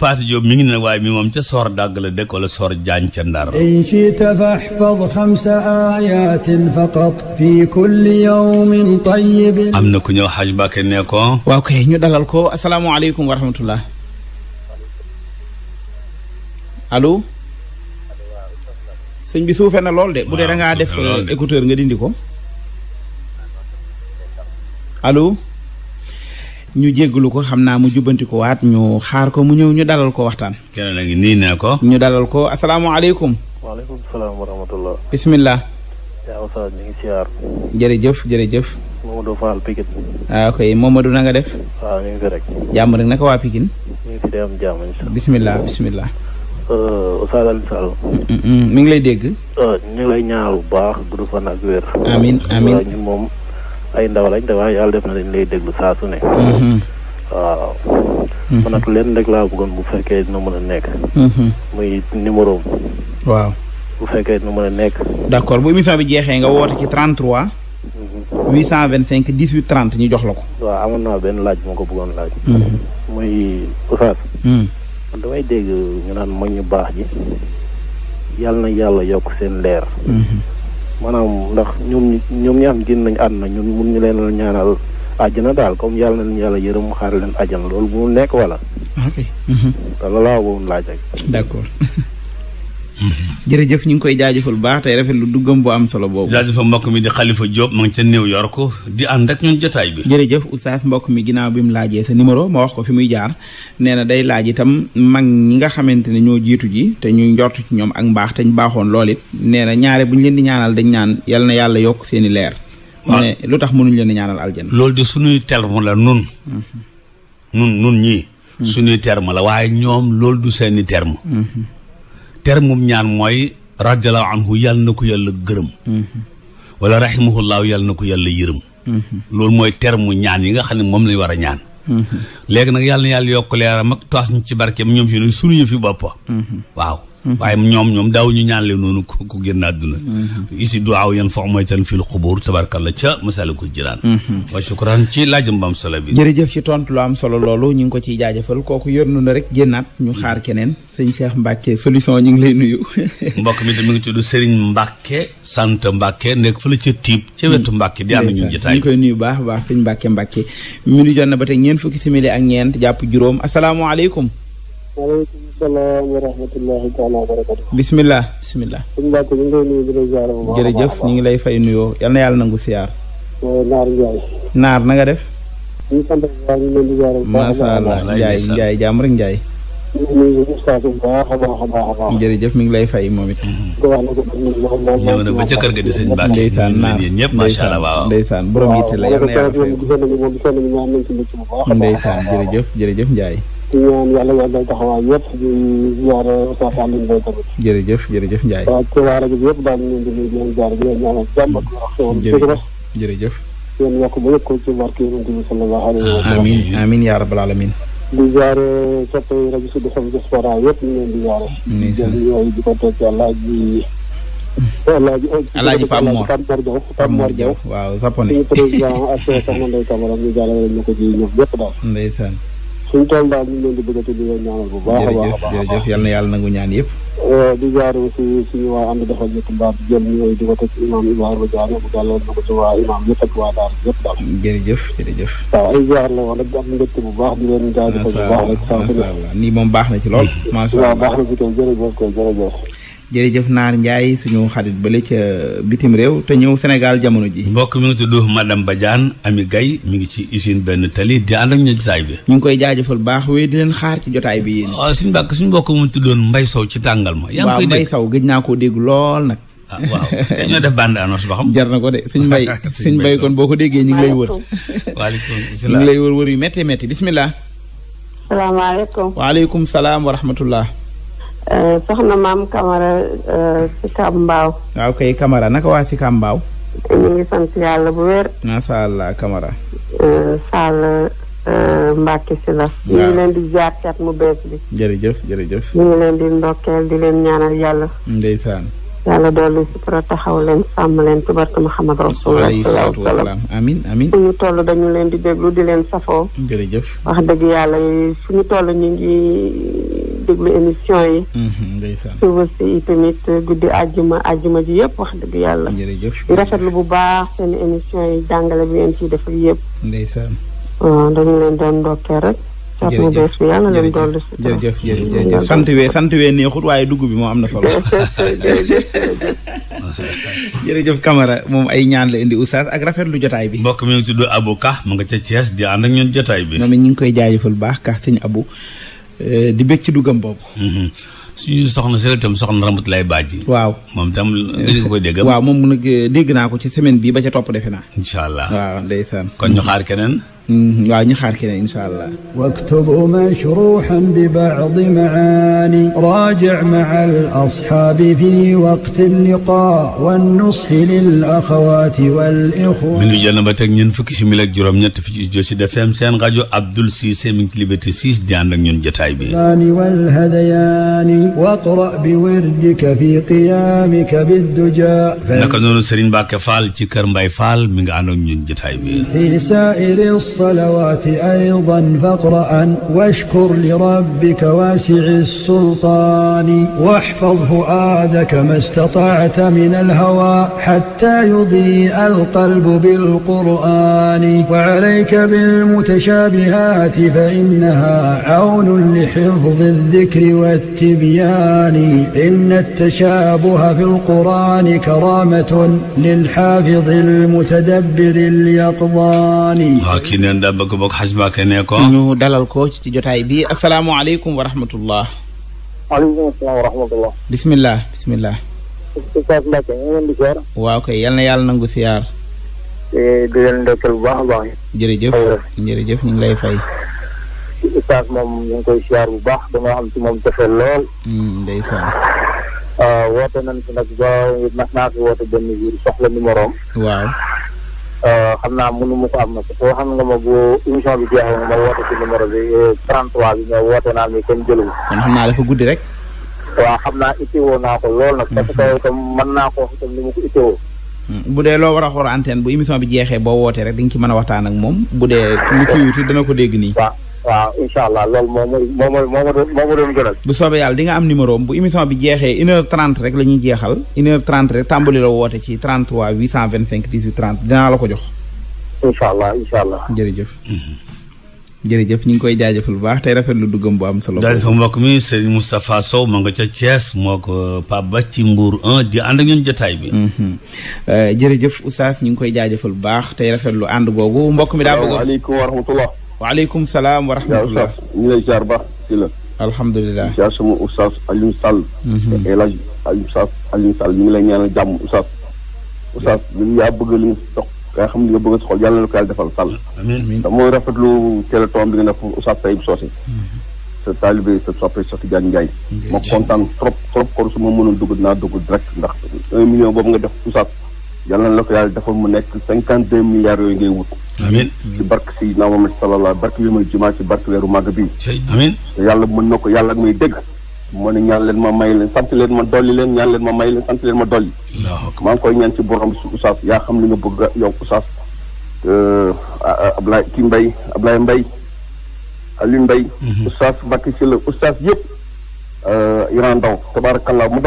Paate Jóob mi ngi ne waaye mi moom ca soor dàgg la dëkk wala soor jaañ ndar in chita faxfad xamsa ayatin faqat fi kulli yawmin tayyib am na ku ñëw xaj Bàkke ne ko waaw kay ñu dalal ko asalaamaaleykum wa rahmatullah allo sëñ bi suufee euh, nga dindi ko allo ñu jéggalu ko xam naa mu jubbanti ñu xaar ko mu ñëw ñu dalal ko waxtaan. keneen a nii naa ko. ñu dalal ko asalaamaaleykum. waaleykum salaam wa rahmatullah. bisimilah. yaa Oustaz ñu ngi siyaar. jërëjëf jërëjëf. Mamadou Fall ah, def. waaw ah, ñu ngi fi rek. naka waa Pikine. ñu ngi fi bisimilah bisimilah. Euh, mm, mm, mm. ngi lay dégg. Euh, ñu ngi lay ñaar baax gudd fan ak wér. amiin amiin moom. ay ndaw lañ te waaye yàlla def na dañ lay déglu saa su ne. Mhm. waaw. Mhm. man nag leen rek laa bëggoon bu fekkee dina mën a nekk. Mhm. muy numéro waaw bu fekkee dina mën a nekk. d' accord bu émission bi jeexee nga woote ci cinq 825 18 30 ñu jox la ko. waaw amoon naa benn laaj moo ko bëggoon laaj. muy Oustaz. man damay dégg ñu naan mag ñu baax ji. yàlla na yàlla yokk seen leer. maanaam ndax ñoom ñoom ñi am génn nañ àdduna ñun mun ñu leen ñaanal ñaanal na daal comme yàlla na nañu yàlla yërëm xaar leen àjjana loolu bu mu nekk wala. Ah, ok. Mhm. loolu laa woon laaj rek. d'accord. jërëjëf ñu ngi koy jaajëfal baax tey rafet lu duggam bu am solo boobu jaajëfal mbokk mi di Xalifa Diop ma ngi ca New York di ànd ak ñun jotaay bi jërëjëf oustaz mbokk mi ginnaaw bi mu laajee sa numéro ma wax ko fi muy jaar nee na day laaj itam mag ñi nga xamante ne ñoo jiitu ji te ñuy njort ci ñoom ak mbaax te ñu baaxoon lool it nee na ñaare bu ñu leen di ñaanal dañ ñaan yal na yàlla yokk seeni leer mu lu tax mënuñ leen di ñaanal aljana loolu di suñuy terme la nun mhm. nun nun ñii mhm. suñuy terme la waaye ñoom loolu du seeni term mhm. termum ñaan mooy radiallahu anhu yàlla na ko yàlla gërëm wala rahimahullaahu yàlla na ko yàlla yërëm loolu mooy termu ñaan yi nga xam ne moom lañ war a ñaan léegi nag yàlla yàlla yokk leeram ak toas ñu ci barkeem ñoom si suñu yëf yi bopp waaw Mm-hmm. waaye ñoom ñoom daaw ñu ñaan leen noonu ku ku génn àdduna isi du aw yan fox mooy tan fil xubuur tabarkalla ca masali ko jiraan mm-hmm. wa shukran ci laajam bam solo bi jërëjëf ci tontu lu am solo loolu ñu ngi ko ciy jaajëfal kooku yërnu na rek génnaat ñu xaar keneen sëñ Cheikh mbàkke solution ñu ngi lay nuyu mbokk mi tamit mu ngi tudd Serigne Mbacke sant Mbacke nekk fële ca tiib ca wetu Mbacke di ànd ñu jotaay ñu koy nuyu baax baax sëñ Mbacke Mbacke mi na ba tey ñeent fukki simili ak ñeent jàpp juróom asalaamaaleykum maaleykum salaam wa rahmatullahi taala wa ñu ngi lay fay nuyoo yal na yàlla nangu siyaar naar Ndiaye def ñu sant waa ñu leen di ziar allah Ndiaye Ndiaye jàmm rek Ndiaye jërëjëf mi ngi lay fay moom it. ñëw na ba ca kër ga di sëñ Mbacke. ndeysaan naan ñëpp jërëjëf jërëjëf di ñaan yàlla yàggal taxawaay yëpp di ziar Oustaz Alioune Mbaye tamit. jërëjëf jërëjëf Ndiaye. waaw ci waa rajo bi yëpp daal di leen di nuyu di leen ziar di leen ñaanal jàmm ak xéwal. jërëjëf jërëjëf. yéen yokk ba yëg wa sallam. amiin amiin yaa rabbal alamin di ziar soppe rajo Sud FM diaspora yëpp ñu leen di ziar. ndeysaan di yooyu di ko teg yàlla ji. alaaji alaaji Pape Mor Pape ko ci ñoom daal suñu tool daal ñu ngi leen di bëgg a bu baax a baax na yàlla ñaan yëpp euh, di jaar aussi suñu waa ànd defal ñetti di ko teg ci imaam Ibrahima Diagne bu jàlloon na ko ci waa imaam yëpp ak waa daal yëpp daal bu baax bu baax rek saa su ne nii moom baax na ci lool macha allah baax na ci koy jërëjëf koy jërëjëf jërëjëf Naar Ndiaye suñu xarit bële ca bitim réew te ñëw senegal jamono ji mbokk mi ngi tudd madame Badiane Ami gay mu ngi ci usine benn tali di ànd ak ñu jotaay bi ñu ngi koy jaajëfal baax wéy di leen xaar ci jotaay bi yéen waaw oh, suñu mbokk suñu mbokk mu tuddoon Mbay Sow ci tàngal ma yaa ngi koy Mbay Sow gëj naa koo dégg lool nag ah waaw te ñoo xam jar na ko de suñ mbay suñ kon boo ko déggee ñu ngi lay wër waaleykum salaam ñu ngi lay wër wër yu métti metti bismillah salaamaaleykum waaleykum salaam wa rahmatullah Eh, soxna maam Camara Sicap eh, Mbao. waaw ah, kay kamara naka waa Sicap Mbao. ñu ngi sant yàlla bu wér. macha allah Camara. Eh, Sall Mbacke si la. ñu ngi ah. leen di jaar cat mu bees bi. jërëjëf jërëjëf. leen di ndokkeel di leen ñaanal yàlla. ndeysaan. yàlla dolli sutura taxaw leen sàmm leen ci ma Muhammad Rasulullah sallallahu alayhi wa sallam amin amin fu ñu toll dañu leen di déglu di leen safoo jërëjëf wax dëgg yàlla fu ñu toll ñu ngi déglu émission yi mhm, ndeysaan suba si tamit guddi àjjuma àjjuma ji yëpp wax dëgg yàlla jërëjëf di rafetlu bu baax seen émission yi jàngale bi ngeen def defal yëpp ndeysaan dañu leen doon ndokkee rek jërëjëf jërëjëf jërëjëf sant wee sant wee neexut waaye dugg bi moom am na solo jërëjëf Camara moom ay ñaan la indi oustaz ak rafetlu jotaay bi mbokk mi ngi tudd Abou Ka mu nga ca Thiès di ànd ak ñun jotaay bi moom ñu ngi koy jaajëfal baax ka sëñ Abou euh, di bég ci boobu mhm. suñu soxna sel tam soxna ramut lay bàjji waaw moom tam gëj nga koy dégg waaw moom nag euh, dégg naa ko ci semaine bii ba ca topp defe naa incha allah waaw ndeysaan kon ñu xaar keneen Mm-hmm. waaw ñu xaar keneen incha allah waktub mashruxan bi bacdi macaani raajic maca alasxaabi fi waqti alliqaa wannusxi lilaxawaati walixwa minu jël na ba teg ñeent fukki simili ak juróom ñett fi ci Sud FM seen rajo Abdoul Cissé mi ngi ci Liberté 6 di ànd ak ñun jotaay bi walhadayaani waqra bi wirdika fi qiyaamika bidduja naka noonu Serigne Mbacke Fall ci kër Mbaye Fall mi nga ànd ak ñun jotaay bi الصلوات أيضا فاقرأ واشكر لربك واسع السلطان واحفظ فؤادك ما استطعت من الهوى حتى يضيء القلب بالقرآن وعليك بالمتشابهات فإنها عون لحفظ الذكر والتبيان إن التشابه في القرآن كرامة للحافظ المتدبر اليقظان neen daa bëgg bokk xaj Mbàkke ne ko ñu dalal ko ci jotaay bi asalaamaaleykum wa rahmatullah waaleykum asalaam wa rahmatullah bismillah bismillah Oustaz Mbàkke ñu leen di waaw kay yal na yàlla nangu siyaar eh, di leen ndokkeel bu baax a koy siyaar bu baax dama xam ci moom hmm, ah, waaw Euh, xam naa mënu ma ko am na ko xam nga ma bu émission bi jeexee ma woote ci numéro bi 33 euh, bi mais woote naa ni kenn jëlul. kon xam naa dafa guddi rek. waaw xam naa itteewoo naa ko lool nag. parce que itam naa ko itam ni ma ko itteewoo. Hmm. bu dee loo a xool antenne bu émission bi jeexee boo wootee di nga ci mën a waxtaan moom bu dee. lu ci dana ko dégg nii. waaw waaw incha allah loolu moo ma moo ma moo ma doon gënal. bu soobee yàlla di nga am numéro bu émission bi jeexee une heure trente rek la ñuy jeexal une heure trente rek tàmbali la woote ci 33 825 18 30 dinaa la ko jox. incha allah incha allah. jërëjëf. jërëjëf ñu ngi koy jaajëfal bu baax tey rafet lu duggam bu am solo. daal sama mbokk mi Serigne Moustapha Sow ma nga ca Thiès moo ko euh, Pape Ba ci Mbour 1 di ànd ak ñun jotaay bi. Mhm. Euh, jërëjëf Oustaz ñu ngi koy jaajëfal bu baax tey rafet lu ànd googu mbokk mi daa bëgg. waaleykum wa rahmatullah. waaleykum salaam wa rahmatullah ñu lay jaar baax si la alhamdulilah jaar sama oustaz Alioune Sall mhm. El Hadj oustaz Alioune Sall ñu ngi lay ñaanal jàmm oustaz oustaz li yaa bëgg li nga sox nga xam li nga bëgg si xol yàlla na ko yàlla defal Sall damooy rafetlu téléthon bi nga def oustaz Tayib si mhm. sa taalibe sa soppe Socé Diagne Ndiaye ma kontaan trop trop kon su ma mënoon dugg naa dugg direct ndax un million boobu nga def oustaz yàlla na la ko yàlla defal mu nekk cinquante deux milliards yooyu ngay wut. amiin ci barke si naa Muhammad sallallahu barke yu muy jumaa ci barke weeru màgg bi. amiin yàlla mën na ko yàlla ak muy dégg. moo ne ñaan leen ma may leen sant leen ma dolli leen ñaan leen ma may leen sant leen ma dolli. maa ngi koy ñaan ci borom su Oustaz yaa xam li nga bëgg yow Oustaz. Euh, Ablaye kii Mbaye Ablaye Mbaye Aliou Mbaye. Mhm. Oustaz Mbacke si la Oustaz yëpp. Euh, Iran Ndaw tabaarakallaa mu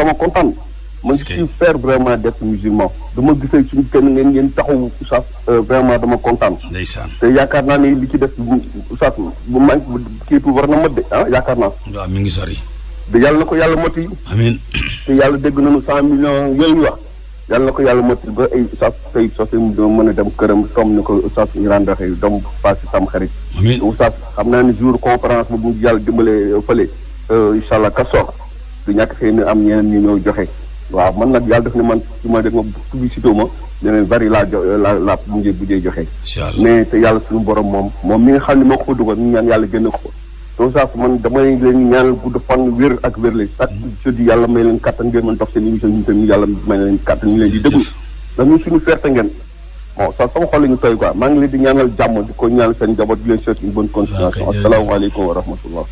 man je suis fier vraiment d'être musulman dama gisee suñu kenn ngeen ngeen taxawu oustaz euh, vraiment dama kontaan. ndeysaan te yaakaar naa ni li ci def bu oustaz bu man kii war na mot de ah yaakaar naa. waaw mi ngi sori. de yàlla na ko yàlla moti. amiin te yàlla dégg nañu cent millions yooyu ñu wax. yàlla na ko yàlla moti ba ay oustaz tey soo mu mën a dem këram tom ni ko oustaz ñu daan doxee doom passé sam xarit. amiin oustaz xam naa ne jour conférence bu yàlla dimbalee fële. Euh, incha allah kasoor du ñàkk xëy na am ñeneen ñu ñëw joxe. waaw man nag yàlla def ne man su ma def ma publicité ma leneen bari laa jo la la mujjee mujjee joxe. mais te yàlla suñu borom moom moom mi nga xam ne moo ko fa dugal ñaan yàlla génne ko fa. donc saa man damay leen ñaanal gudd fan wér ak wér la chaque mm-hmm. jeudi yàlla may leen kattan ngeen mën dox seen émission yàlla may leen kattan ñu leen di déglu. ndax ñun suñu ferte ngeen. sa sama xol la tooy quoi maa ngi leen di ñaanal jàmm di ko ñaanal seen njaboot di leen souhaiter une bonne continuation asalaamaaleykum wa rahmatullah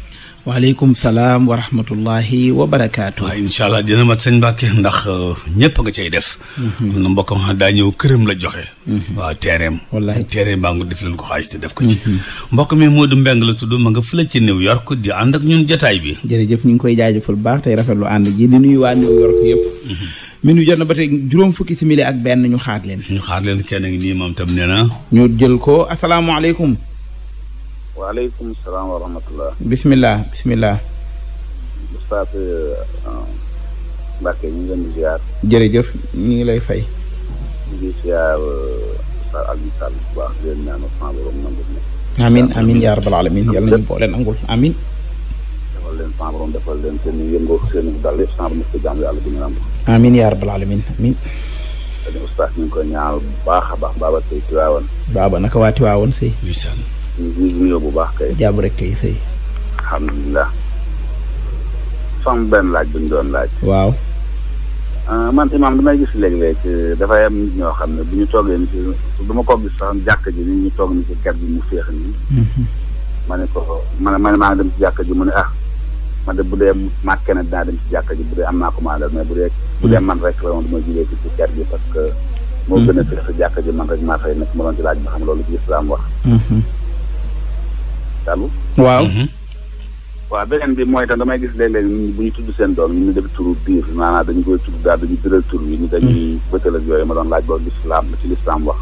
waaleykum salaam wa rahmatullahi wa barakaatu. waaw incha allah dina mat sëñ Mbàkke ndax euh, ñëpp nga cay def. Mhm. am na daa ñëw këram la joxe. Mhm. waaw teereem. wallaay teereem baa ngi def leen ko xaaj te def ko ci. Mhm. mbokk mi Modou mbenn la tudd ma nga fële ci New York di ànd ak ñun jotaay bi. jërëjëf ñu ngi koy jaajëfal bu baax tey rafetlu ànd ji di nuyu waa New York yëpp. minu jot na ba tey juróom fukki si simili ak benn ñu xaar leen. ñu xaar leen kenn ngi nii moom tam nee na. ñu jël ko asalaamaaleykum. waaleykum salaam wa rahmatullah. bisimilah bisimilah. Oustaz euh, Mbacke ñu jërëjëf ñu ngi lay fay. ñu ngi ziar euh, Oustaz Alioune Sall bu baax di leen ñaanal sama borom nangul ne. amiin amiin yaa rabbal alamin yàlla nañu boole nangul amiin. defal leen sama borom defal dal yëpp yàlla bu ñu nangul. amiin yaa rabbal alamin amiin. baax a baax baaba tey Tiwaawan. baaba naka waa Tiwaawan si. ñu bu baax kay. jàmm rek kay sëy. alhamdulilah. fam benn laaj bu ñu doon laaj. waaw. Ah, man imaam damay gis léeg-léeg dafay am nit ñoo xam ne bu ñu toogee ni si du ma ko gis sax jàkka ji ñu toog ni si ker bi mu féex nii. Mhm. ma ne ko ma ne ma maa dem si jàkka ji mu ne ah ma de bu dee maat kenn dinaa dem si jàkka ji bu dee am naa ko maa mais bu dee. bu dee man rek la moom du ma jugee ci ker bi parce que. moo mhm. gën a féex si jàkka ji man rek maa ma doon ci laaj ba xam loolu ci islam wax. Mhm. Sall. waaw. Mhm. waaw beneen bi mooy tam damay gis léeg-léeg nit ñi bu ñu tudd seen doom ñu def turu biir maanaam dañu koy tudd daal dañu biral tur yi ñu dañuy mhm. bëtal yooyu ma doon laaj ba lislaam ci lislaam wax.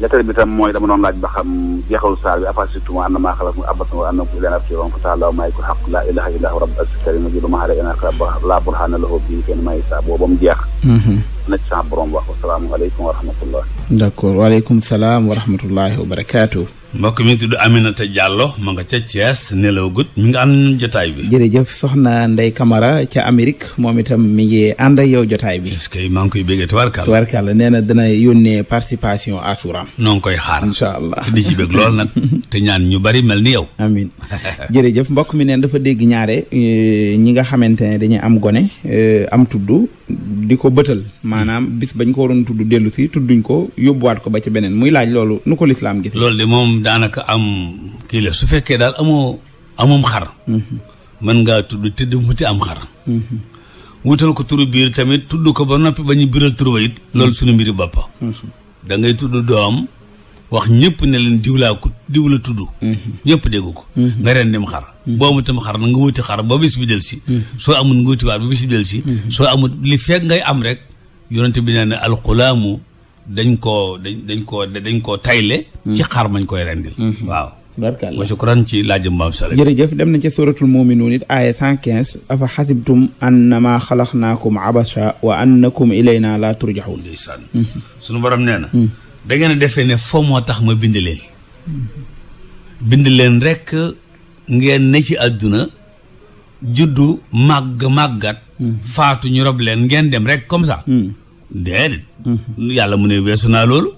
lettre mhm. bi tam mooy dama doon laaj ba xam jeexalu saar bi afasituma an namaa xalaq mu abat wa annakum ilayna turja'un fa ta'ala malikul ko xaq laa ilaha illa huwa rabbul aziz karim ji lu ma xale yeneen laa burhaana lahu bihi kenn may saa boobu mu jeex na ci sama borom wax wasalaamu aleykum wa rahmatullah d'accord waaleykum salaam wa rahmatullahi wa barakaatu mbokk mi tu tudd Aminata Diallo ma nga ca Thiès nelaw gut mi nga am jotaay bi. jërëjëf soxna Ndeye kamara ca Amérique moom itam mi ngi ànd ak yow jotaay bi. est-ce que maa ngi koy béggee tubarkàlla. nee na dana yónnee participation assurance. noo ngi koy xaar. incha allah di ci bëgg nag. te ñaan ñu bari mel ni yow. amin jërëjëf mbokk mi neen dafa dégg ñaare eh, ñi nga xamante ne dañu am gone eh, am tudd. di ko bëtal maanaam bis bañ koo waroon tudd dellu si tudduñ ko yóbbuwaat ko ba ci beneen muy laaj loolu nu ko lislaam gis loolu de moom daanaka am kii la su fekkee daal amoo amum xar mm-hmm. mën ngaa tudd te di muti am xar mm-hmm. wutal ko turu biir tamit tudd ko ba noppi ba ñu biral turu ba it loolu mm-hmm. sunu mbiri boppa da tudd doom wax ñëpp ne leen diw laa la tudd mhm. ñëpp dégg ko mhm. nga ren dem xar mhm. boo amul tam xar na nga wuti xar ba bis bi del si soo amul nga wuti waat ba bis bi si soo amul li fekk ngay am rek yonente bi nee na alxulaamu dañ koo dañ dañ koo dañ koo tayle ci xar mañ koy rendil waaw barkalla wa shukran ci laajëm maam sala jërëjëf dem na ca suratul muminuun it aaya cent quinze afa xasibtum annama xalaqnaakum abasa wa annakum ilayna la turjaxun ndeysaan sunu borom nee na da ngeen defee ne fo moo tax ma bind leen bind leen rekk ngeen ne ci àdduna juddu màgg màggat hmm. faatu ñu rob leen ngeen dem rek comme ça hmm. déedéet hmm. yàlla mu ne weesu naa loolu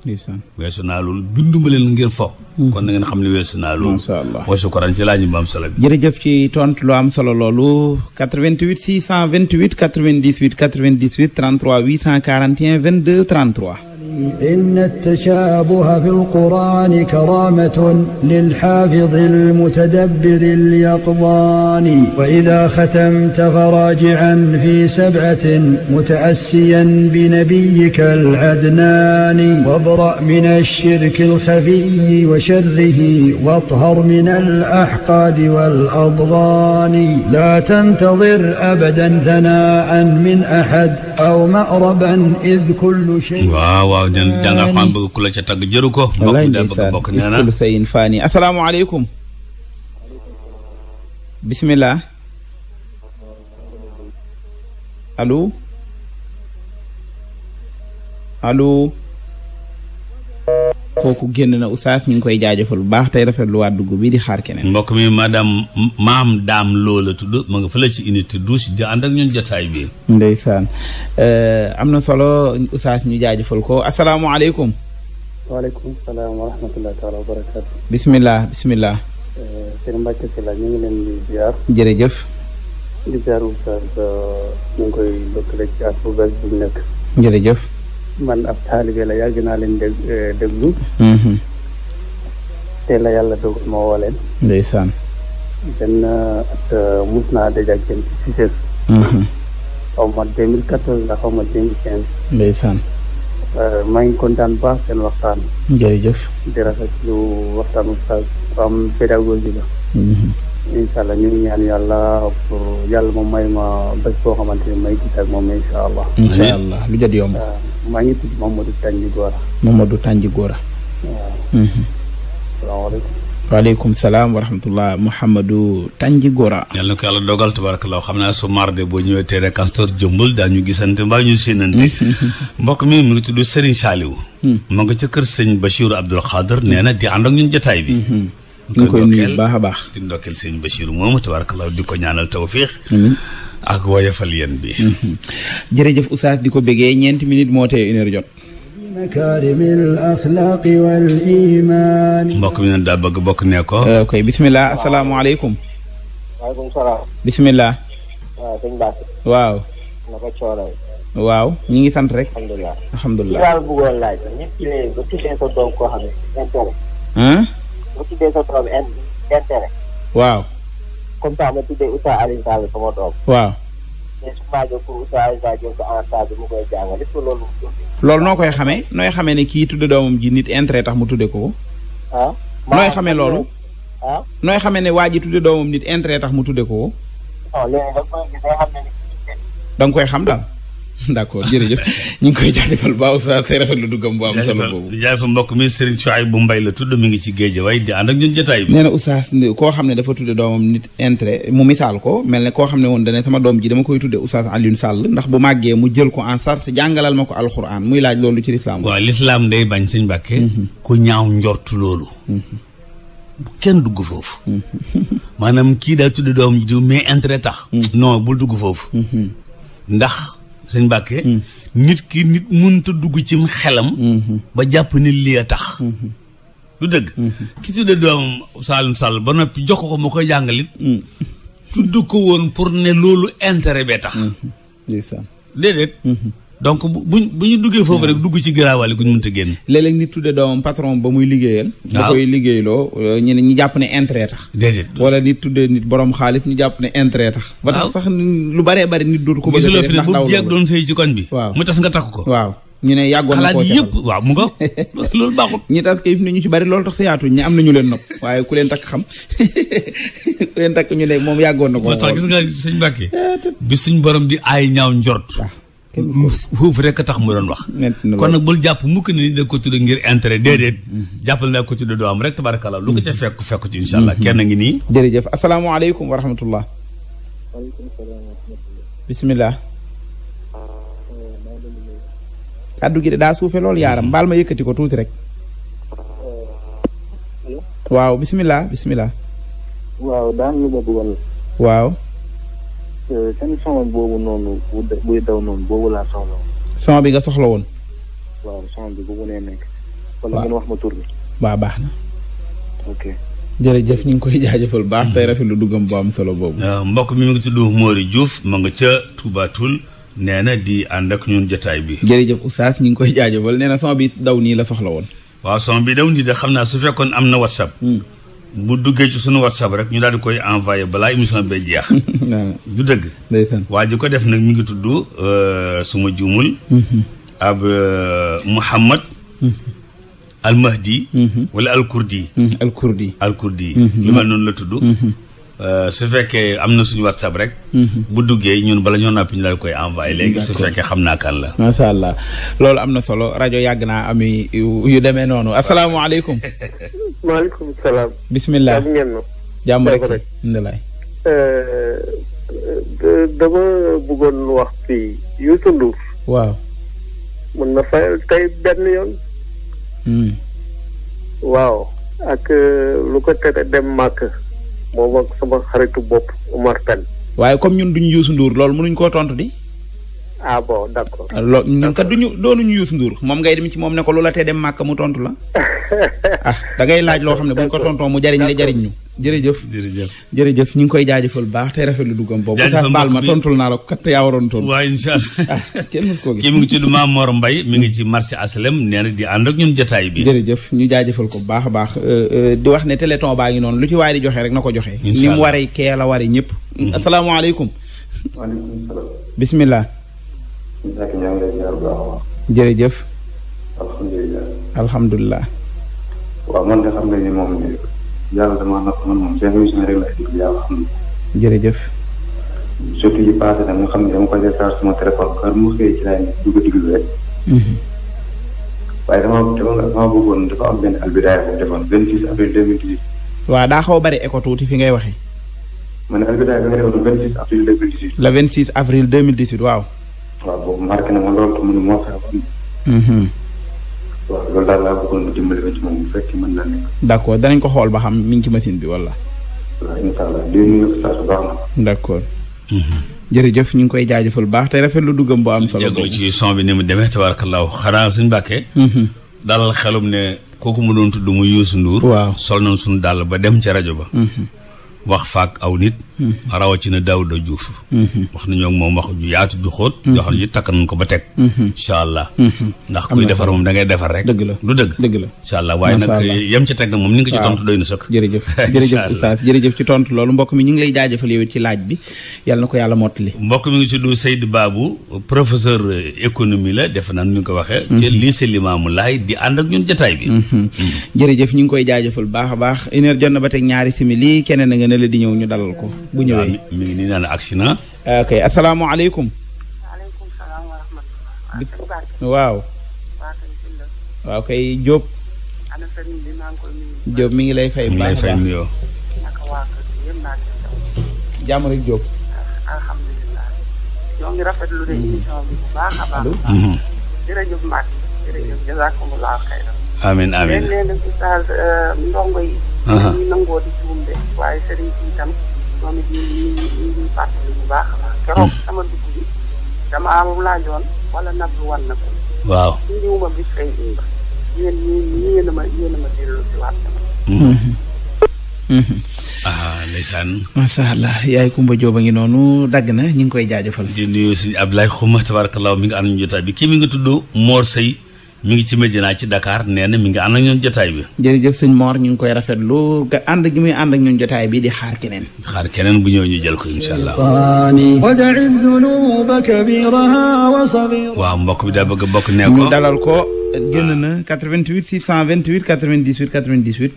weesu naa loolu binduma leen ngir fo kon na ngeen xam ne weesu naa loolu masha Allah mooy sukkuraan ci laaj bu am solo bi jërëjëf ci tontu lu am solo loolu 88 628 98 98 33 841 22 33 إن التشابه في القرآن كرامة للحافظ المتدبر اليقظان وإذا ختمت فراجعا في سبعة متأسيا بنبيك العدنان وابرأ من الشرك الخفي وشره واطهر من الأحقاد والأضغان لا تنتظر أبدا ثناء من أحد أو مأربا إذ كل شيء waaw jàng alxuraan bëgg ku la ca tagg jëru ko mbokk daa bëgg bokk nee na kullu sayin faani asalaamaaleykum bisimilah allo allo kooku génn na oustaz ñu ngi koy jaajëfal bu baax tey rafetlu waa dugg bi di xaar keneen. mbokk mi madam maam daam loola tudd ma nga fële ci unité douze di ànd ak ñun jotaay bi. ndeysaan euh, am na solo oustaz ñu jaajëfal ko asalaamualeykum. waaleykum salaam wa rahmatulah taala wa barakaatu. bisimilah bisimilah. Euh, sëñ Mbacke ñu ngi leen di ziar. jërëjëf. di euh, ci at bu bees nekk. jërëjëf. man ab taalibe la yàgg naa leen dég eh, déglu mhm. te la yàlla dogal ma woo leen ndeysaan benn at eh, mus naa dajak jëm ci sës mhm. xaw ma deux mille quatorze la ma deux mille quinze ndeysaan eh, maa ngi kontaan baax seen waxtaan jërëjëf di rafetlu waxtaan waxtaan am pédagogie la incha allah ñu ngi ñaan yàlla pour yàlla moom may ma bés boo xamante ne may gis ak moom incha allah. incha allah lu jot yomb. ma ngi tudd Mamadou Tanji Gora. Mamadou Tanji Gora. waaw. Mhm. salaamaaleykum. waaleykum salaam wa rahmatullah yàlla na ko yàlla xam naa su marde boo ñëwee tey rek Castor Jëmbul daañu gisante mbaa ñu séenante. mbokk mi mu ngi tudd Serigne Saliou. Hmm. ma nga ca kër sëñ Bachir Abdoul Khader nee na di ànd ak ñun jotaay bi. Hmm. ñu koy nuyu a baax di ndokkeel ko ñaanal tawfiix ak mhm. di ko bégee ñeenti minute moo tee une heure ne ko euh, koy bismillah asalaamaaleykum waaleykum bismillah waaw sëñ ngi sant rek. alhamdulilah alhamdulilah. bu daal bëggoon laaj. nit ki ba mu tuddee sa doom intérêt. waaw. comme ça ma tuddee Oustaz Alioune Sall sama doom. waaw. mais su ko en loolu. noo koy xamee nooy xamee ne kii tudde doomam ji nit intérêt tax mu tudde ko. ah nooy xamee loolu. ah nooy xamee ne waa ji tudde doomam nit intérêt tax mu tudde ko. non oh, léegi koy xam da koy xam daal. d'accord jërëjëf ñu ngi koy jaajëfal baaw sa tey rafet lu duggam bu am solo boobu jaajëfal mbokk mi Serigne Souaïb bu Mbaye la tudd mi ngi ci géej waaye di ànd ak ñun bi nee na oustaz koo xam ne dafa tudde doomam nit intérêt mu misaal ko mel ne koo xam ne woon dana sama doom ji dama koy tudde oustaz Alioune Sall ndax bu màggee mu jël ko en charge jàngalal ma ko alxuraan muy laaj loolu ci lislaam waaw lislaam day bañ sëñ Mbàkke mm-hmm. ku ñaaw njortu loolu mm-hmm. bu kenn dugg foofu mm-hmm. maanaam kii daa tudde doomam ji du mais intérêt tax non bul dugg foofu sëñ Mbàkke mm. nit ki nit mënta dugg cim xelam mm-hmm. ba jàpp ni lii a tax du mm-hmm. dëgg mm-hmm. ki tudde doomam Saalum Sall ba noppi jox ko mu koy jàngalit mm. tudd ko woon pour ne loolu intérêt bee tax déedéet donc buñ bu ñu duggee foofu rek dugg ci giraawaale gu ñu mënta génn léeg-léeg nit tudde doomam patron ba muy liggéeyal da koy liggéeyloo euh, ñu ne ñi jàpp ne intérêt tax déedéet wala nit tuddee nit borom xaalis ñu jàpp ne intérêt tax ba tax sax lu baree bari nit dootu ko bëgg gisuloo fi ne bu jeeg doon sëy ci bi waaw mu tas nga takk ko waaw ñu ne yàggoon na koo yëpp waaw mu nga loolu baaxul ñi tas kay ñu ci bari loolu tax sa yaatuñ ñi am nañu leen nopp waaye ku leen takk xam ku leen takk ñu ne moom yàggoon na ko tax gis nga suñ bàkkee bi suñ boroom di aay ñaaw njort foofu rek tax mu doon wax. kon nag bul jàpp mukk ne ni da ko tudd ngir intérêt mm-hmm. déedéet. jàppal naa ko tudd doo am rek tabarakalla lu ko ca mm-hmm. fekk fekk ci incha allah mm-hmm. kenn ngi nii. jërëjëf asalaamaaleykum wa rahmatullah. waaleykum salaam bisimilah. kaddu gi de daa suufe lool yaaram mbaal ma yëkkati ko tuuti rek. waaw bisimilah bisimilah. waaw. seen son boobu noonu buy daw noonu boobu laa soxla woon. son bi nga soxla woon. waaw son bi bu mu nee nekk. wala wax ma tur bi. waaw ok. jërëjëf ñu ngi koy jaajëfal baax tey rafet lu bu am solo boobu. mbokk mi mu ngi tudd Mori Diouf ma nga ca Touba Toul nee na di ànd ak ñun jotaay bi. jërëjëf Oustaz ñu ngi koy jaajëfal nee na son bi daw nii la soxla woon. waaw son bi daw nii de xam naa su fekkoon am na WhatsApp. Hmm. bu duggee ci suñu whatsapp rek ñu daal di koy envoyé balaa émission bee jeex. du dëgg. ndeysaan waa ji ko def nag mi ngi tudd euh, suma juumul. Mm-hmm. ab euh, Muhammad. Mm-hmm. al Mahdi. Mm-hmm. wala al Kurdi. al li ma noonu la tudd. Euh, su fekkee am na suñu whatsapp rek. Mhm. bu duggee ñun bala ñoo nappi ñu daal koy envoyé léegi su fekkee xam naa kan la. macha allah loolu am na solo rajo yàgg naa am yu demee noonu asalaamaaleykum. maaleykum bisimilah jàmm ngeen euh, euh, no. waaw. mën na fayal tey benn yoon. Hmm. waaw ak lu ko tere dem màkk. moom ak sama xaritu bopp Omar Pène waaye comme ñun duñu Youssou Ndour loolu mënuñ koo tontu di. ah bon d' accord. Ah, loolu ñun kat duñu doonuñu Youssou Ndour moom ngay dem ci moom ne ko lu la tee dem màkk mu tontu la ah da ngay laaj loo xam ne buñ ko tontoo mu jariñ la jariñ ñu. jërëjëf jërëjëf jërëjëf ñu ngi koy jaajëfal baax tey rafetlu duggam boobu sax baal ma tontul naa la kat yaa waroon tontu waaw incha allah kenn mos koo gis kii mu Maam Mor mbay mi ngi ci marché aslem nee na di ànd ak ñun jotaay bi jërëjëf ñu jaajëfal ko baax a baax euh, euh, di wax ne téléthon baa ngi noonu lu ci waaye di joxe rek na ko joxe ni mu waree kee la waree ñëpp mm-hmm. asalaamaaleykum bisimilah jërëjëf alhamdulilah alhamdulilah waaw de xam nga ni moom ni yàlla dama nopp man moom seen émission rek laay déglu yàlla xam jërëjëf. surtout yi passé nag nga xam ne dama koy décharge sama téléphone kër mu xëy ci laay nekk du ko diglu rek. Mhm. waaye dama dama dafa am benn albidaaya bu defoon 26 avril daa xaw a tuuti fi ngay waxee. ma ne albidaaya bi nga defoon 26 avril 2018. le 26 avril waaw. waaw boobu marqué na ma loolu te mu ne moo fexe ba. Mhm. waaw loolu dimbali moom bu fekkee d' accord danañ ko xool ba xam mi ngi ci machine bi walla waaw incha allah accord. Mhm. jërëjëf ñu ngi koy jaajëfal baax te rafet lu duggam bu am solo. jégalu ci son bi ni mu demee tabaarakallaahu xanaa suñu bàkkee. Mhm. dalal xelum ne kooku mu doon tudd mu Youssou nduur waaw sol na suñu dàll ba dem ca rajo ba. Mhm. wax faak aw nit mm-hmm. rawatina Daawuda Juuf mm-hmm. wax nañoo moom wax yaatu ju xóot mm-hmm. yoo xam ne ji takk nañ ko ba teg incha allah ndax kuy defar moom da ngay defar rek dëgg la lu dëgg dëgg la incha allah waaye nag eh, yem ci teg nag moom ni nga ci tontu doy na sëkk jërëjëf jërëjëf Oustaz jërëjëf ci tontu loolu mbokk mi ñu ngi lay jaajëfal yow ci laaj bi yal na ko yàlla mottali mbokk mi ngi tudd Seydou Babou professeur euh, économie la def nan ñu ko waxee ci lycée Limaamu Laay di ànd ak bi a ne la di ñëw ñu dalal ko bu ñëwee. mi ngi naan agsi na. ok asalaamaaleykum. waaleykum waaw. waaw kay Diop. Diop mi ngi lay fay. mi ngi lay fay nuyoo. jàmm rek amiin amiin léeg-léeg gis daal euh, ndongo yi. ñu nangoo di juum de waaye sëriñ bi itam ñoom it ñu ngi ñu ngi fàttali bu baax. Hmm. keroog sama dugg bi damaa laajoon wala nag bi wan na ko. waaw indiwuma bi fay a ma a ma dellu si waat sama. Hmm. Hmm. ah allah yaay Kumba Joob ngi noonu dagg na ñu ngi koy jaajëfal. di nuyu suñu Ablaye Xuma tabarakallah mi nga bi kii mi nga tudd Mor Sey. mi ngi ci Medina ci Dakar nee na mi ngi ànd ak ñoom jotaay bi. jërëjëf sëñ Mor ñu ngi koy rafetlu nga ànd gi muy ànd ak ñoom jotaay bi di xaar keneen. xaar keneen bu ñëw ñu jël ko incha allah. waaw mbokk bi daa bëgg a bokk nee ko. ñu dalal ko génn na 88 628 98 98.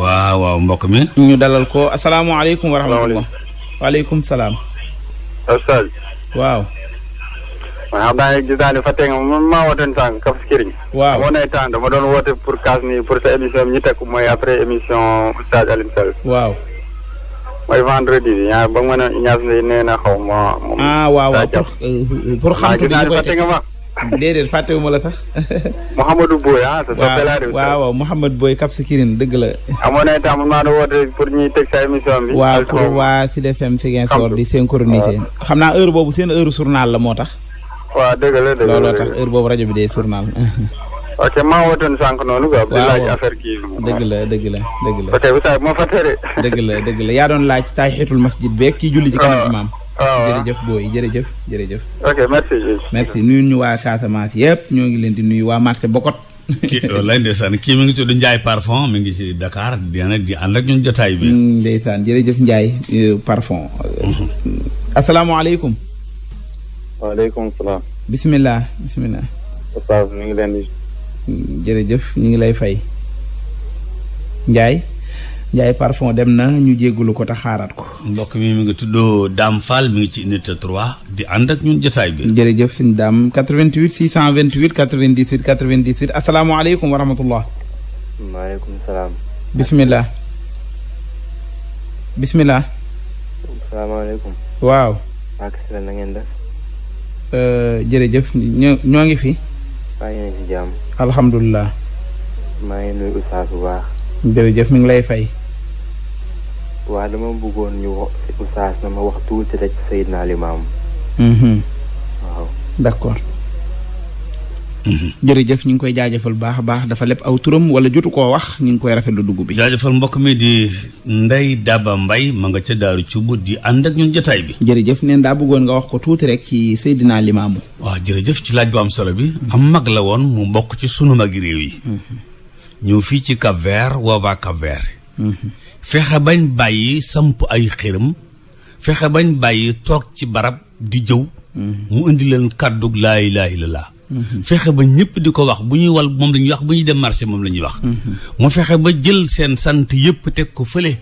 waaw waaw mbokk mi. ñu dalal ko asalaamaaleykum wa rahmatulah. waaleykum salaam. Oustaz. waaw. man xam naa ne gis naa ne Fatick man maa wooteen sànq ma Skiriñ. waaw moo nay temps doon woote pour kaas ni pour sa émission bi ñu teg mooy après émission Oustaz Alioune Sall. waaw. mooy vendredi bi ñaar ba mu mën a ñaas ne nee na xaw ma. ah waaw pour euh, pour xam tuuti ñu koy teg déedéet fàttewuma la sax. Mouhamadou Boye ah. sa soppe laa de. waaw waaw Mouhamadou Boye Cap Skirring dëgg la. amoon na itam maa doon woote pour ñuy teg sa émission bi. waaw pour waa si FM Ziguinchor di synchronisé. xam naa heure boobu seen heure journal la moo tax. waa dëgg la dëgg la boobu rajo bi dee journal. ok maa wootoon sànq noonu quoi. waaw laaj dëgg la dëgg la dëgg la. ok bu moo fàtte dëgg la dëgg la yaa doon laaj taay xeetul masjid beeg kii julli ci kanam ah. imaam waaw jërëjëf booy jërëjëf jërëjëf. ok merci. merci nuyu ñu waa Casamance yëpp ñoo ngi leen di nuyu waa marché Bokot. kii wallaahi kii mi ngi tudd Ndiaye Parfond mi ngi ci Dakar di ànd ak di ànd ak ñun jotaay bi. Mm, ndeysaan jërëjëf Ndiaye euh, Parfond. Mm-hmm. asalaamaaleykum. waaleykum salaam. bisimilah bisimilah. Oustaz mm, ñu ngi lay fay. Ndiaye. Ndiaye Parfond dem na ñu jéggulu ko te xaaraat ko. mbokk mi mu ngi tuddoo Dame Fall mi ngi ci unité 3 di ànd ak ñun jotaay bi. jërëjëf suñu daam 88 628 98 98 asalaamaaleykum wa rahmatullah. maaleykum salaam. bisimilah. bisimilah. salaamaaleykum. waaw. ak euh, jërëjëf ñoo ngi fi. alhamdulilah. maa ngi nuyu Oustaz bu baax. mi ngi lay fay. waaw dama bëggoon ñu wax oustaz na wax tuuti rek Seydina Limaamu mhm. waaw d'accord mhm. jërëjëf ñu ngi koy jaajëfal baax a baax dafa lépp aw turam wala jotu koo wax ñu ngi koy rafetlu dugg bi jaajëfal mbokk mi di Ndey Daba Mbay ma nga ca daaru ci bu di ànd ak ñun jotaay bi jërëjëf neen daa bëggoon nga wax ko tuuti rek ci Seydina Limaamu waa jërëjëf ci laaj bu am solo bi am mag la woon mu mbokk ci sunu magi réew yi mhm. ñëw fii ci Cap-Vert woovaa Cap-Vert fexe bañ bàyyi samp ay xërëm fexe bañ bàyyi toog ci barab di jëw mu indi leen kàddug laay laay illallaah fexe ba ñëpp di ko wax bu ñuy wal moom la ñuy wax bu ñuy dem marché moom la ñuy wax mm-hmm. mu fexe ba jël seen sant yëpp teg ko fële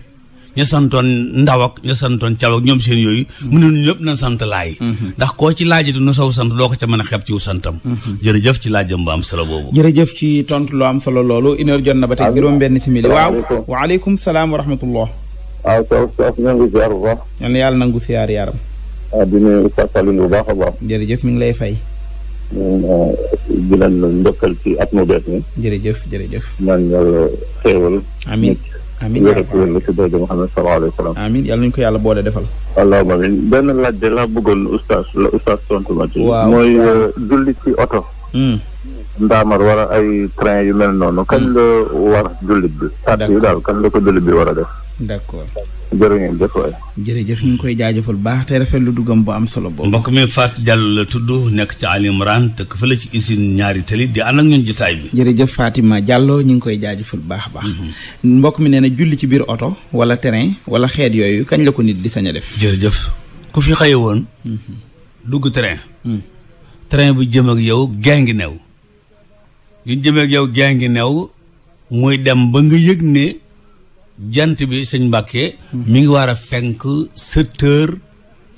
ña santoon ndaw ak ña santoon caw ak ñoom seen yooyu mu mm-hmm. ne ñëpp nañ sant laay mm-hmm. ndax koo ci laajati nu saw sant loo ko ca mën a xeb ciw santam mm-hmm. jërëjëf ci laajam bu am solo boobu jërëjëf ci tontu lu am solo loolu une jot na ba tey juróom benn simili waaw waaleykum salaam wa rahmatullah waaw soof soof ñoo ngi ziar bu baax ñoo yaram waaw bu baax a baax jërëjëf mi ngi lay fay ah, di leen ndokkal ci at mu bees jërëjëf jërëjëf ñaan yàlla xéewal amiin amiin wér ak wér la si dooju Muhammad sallallahu alayhi wa sallam amiin yàlla nañu ko yàlla boole defal allahuma amiin benn laaj de laa bëggoon oustaz la oustaz tontu ma ci mooy euh, julli ci oto hmm. ndaamar wala ay train yu mel noonu kañ hmm. la war jullit bi sart yu daal kañ la ko jullit bi war a def d'accord jërë jëf jërëjëf ñu ngi koy jaajëfal baax te rafet lu duggam bu am solo boobu. mbokk mi Fatou Diallo la tudd nekk ci Ali Imran dëkk fa la ci usine ñaari tali di ànd ak ñun jotaay bi. jërëjëf Fatima Diallo ñu ngi koy jaajëfal baax baax. Mhm. mbokk mi nee na julli ci biir oto wala terrain wala xeet yooyu kañ la ko nit di sañ a def. jërëjëf ku fi xëye woon. Mhm. dugg terrain. Mhm. train bu jëm ak yow gaa ngi new yu jëm yow gaa ngi new muy dem ba nga yëg ne. jant bi sëñ Mbàkke mi ngi war a fenk sept heures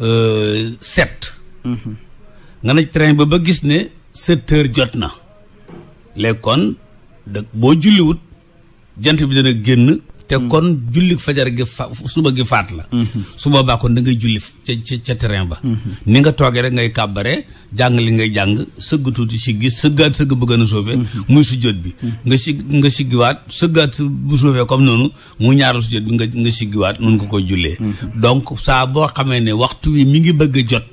euh, sept mhm. nga ne train ba ba gis ne sept jot na léegi kon da boo julliwut jant bi dana génn te mm. kon julli fajar gi fa suba gi faat la mm-hmm. su boobaa kon da ngay julli ca ca terrain ba mm-hmm. ni nga toogee rek ngay kàbbare jàng li ngay jàng sëgg tuuti siggi sëggaat sëgg bëgg na suufee mm-hmm. muy sujjóot bi nga si nga siggiwaat sëggaat bu suufee comme noonu mu ñaaral sujjóot bi nga nga siggiwaat mun ko koy jullee donc saa boo xamee ne waxtu wi mi ngi bëgg a jot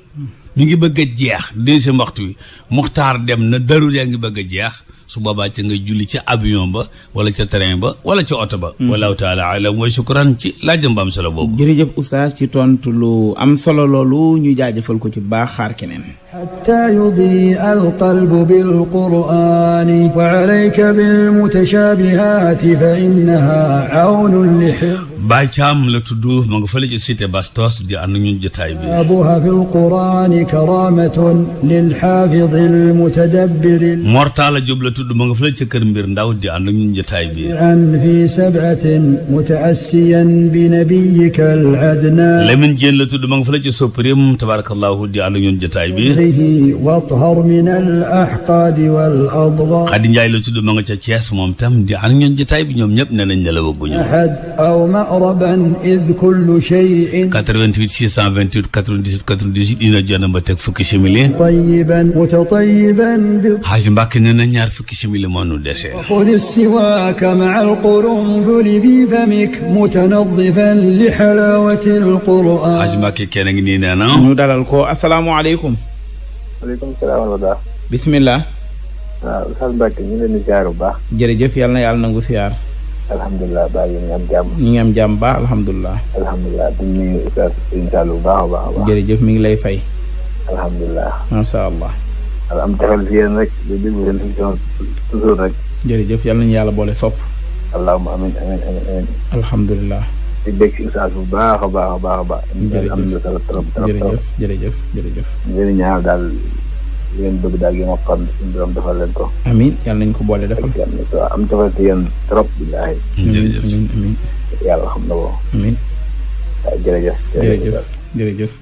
mu ngi bëgg a jeex deuxième waxtu wi muxtaar dem na daru yaa ngi bëgg a jeex su boobaa ca nga julli ca avion ba wala ca train ba wala ca oto ba hmm. wallahu taala alam wa shukran ci laajam ba am solo boobu jërëjëf oustaz ci tontu lu am solo loolu ñu jaajëfal ko ci baax xaar keneen xatta yudi alqalb bilqurani wa alayka bilmutashabihaati fa innaha awnun li Baay Caam la tudd ma nga fële ci cité Bastos di ànd ñu jotaay bi abuha fi alquran karamatun lil hafiz al mutadabbir Mortala Jóob la tudd ma nga fële ci kër mbir ndaw di ànd ñu jotaay bi an fi sab'atin mutaassiyan bi nabiyyika al adnan Lemin Jeen la tudd ma nga fële ci Suprême tabarakallahu di ànd ñu jotaay bi wathar min al ahqad wal adgham Xadi Njaay la tudd ma nga ca Thiès moom tam di ànd ñu jotaay bi ñoom ñëpp ne nañ ne la wëgguñu رأربا إذ كل شيء 88 628 98 98 dina jënd ba teg fukki simili طيبا متطيبا Xaaji Mbàkke nee na ñaar fukki simili moo nu dese خذ السواك مع القرنفل في فمك متنظفا لحلاوة القرآن Xaaji Mbàkke kenn ngi nii nee na ñu dalal ko asalaamaaleykum aleykum salaam wa rahmatulah bismillah waaw Sall Mbàkke ñu ngi leen di ziar bu baax jërëjëf yàlla na yàlla nangu siyaar alhamdulilah baa ñu ngi am jàmm. ñu ngi am jàmm ba alhamdulilah. alhamdulilah di nuyu Oustaz bu baax a baax jërëjëf mi ngi lay fay. alhamdulilah. macha allah. am defal si yéen rek di déglu seen émission toujours rek. jërëjëf yal nañu yàlla boole sop allahumma amiin amiin amiin amiin. alhamdulilah. di bu baax a baax a baax a baax. jërëjëf am na solo trop trop jërëjëf jërëjëf jërëjëf. njëriñ daal. li ngeen bëgg daal ngeen xam ne suñu borom defal leen ko. amiin yàlla nañu ko boole defal. am defal ci yéen trop. billaahi. jërëjëf amiin amiin yàlla xam na ko. amiin. waaw jërëjëf.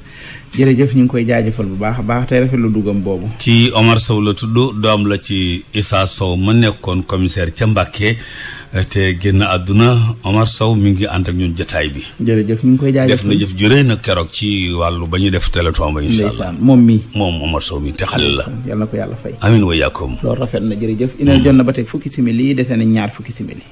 ñu ngi koy jaajëfal bu baax a baax te rafet lu dugam boobu. kii Omar Sow la tudd doom la ci Issa Sow ma nekkoon commissaire ca Mbàkke te génn àdduna Omar Sow mi ngi ànd ak ñun jataay bi. jërëjëf ñu ngi koy jaajëf def na jëf juree nag keroog ci wàllu ba ñu def téléthon ba incha allah moom mi moom Omar Sow mi te xale la. yal na ko yàlla fay. amiin wa yaakum. loolu rafet na jërëjëf. ina mm-hmm. jot na ba teg fukki simili dese nañ ñaar fukki simili.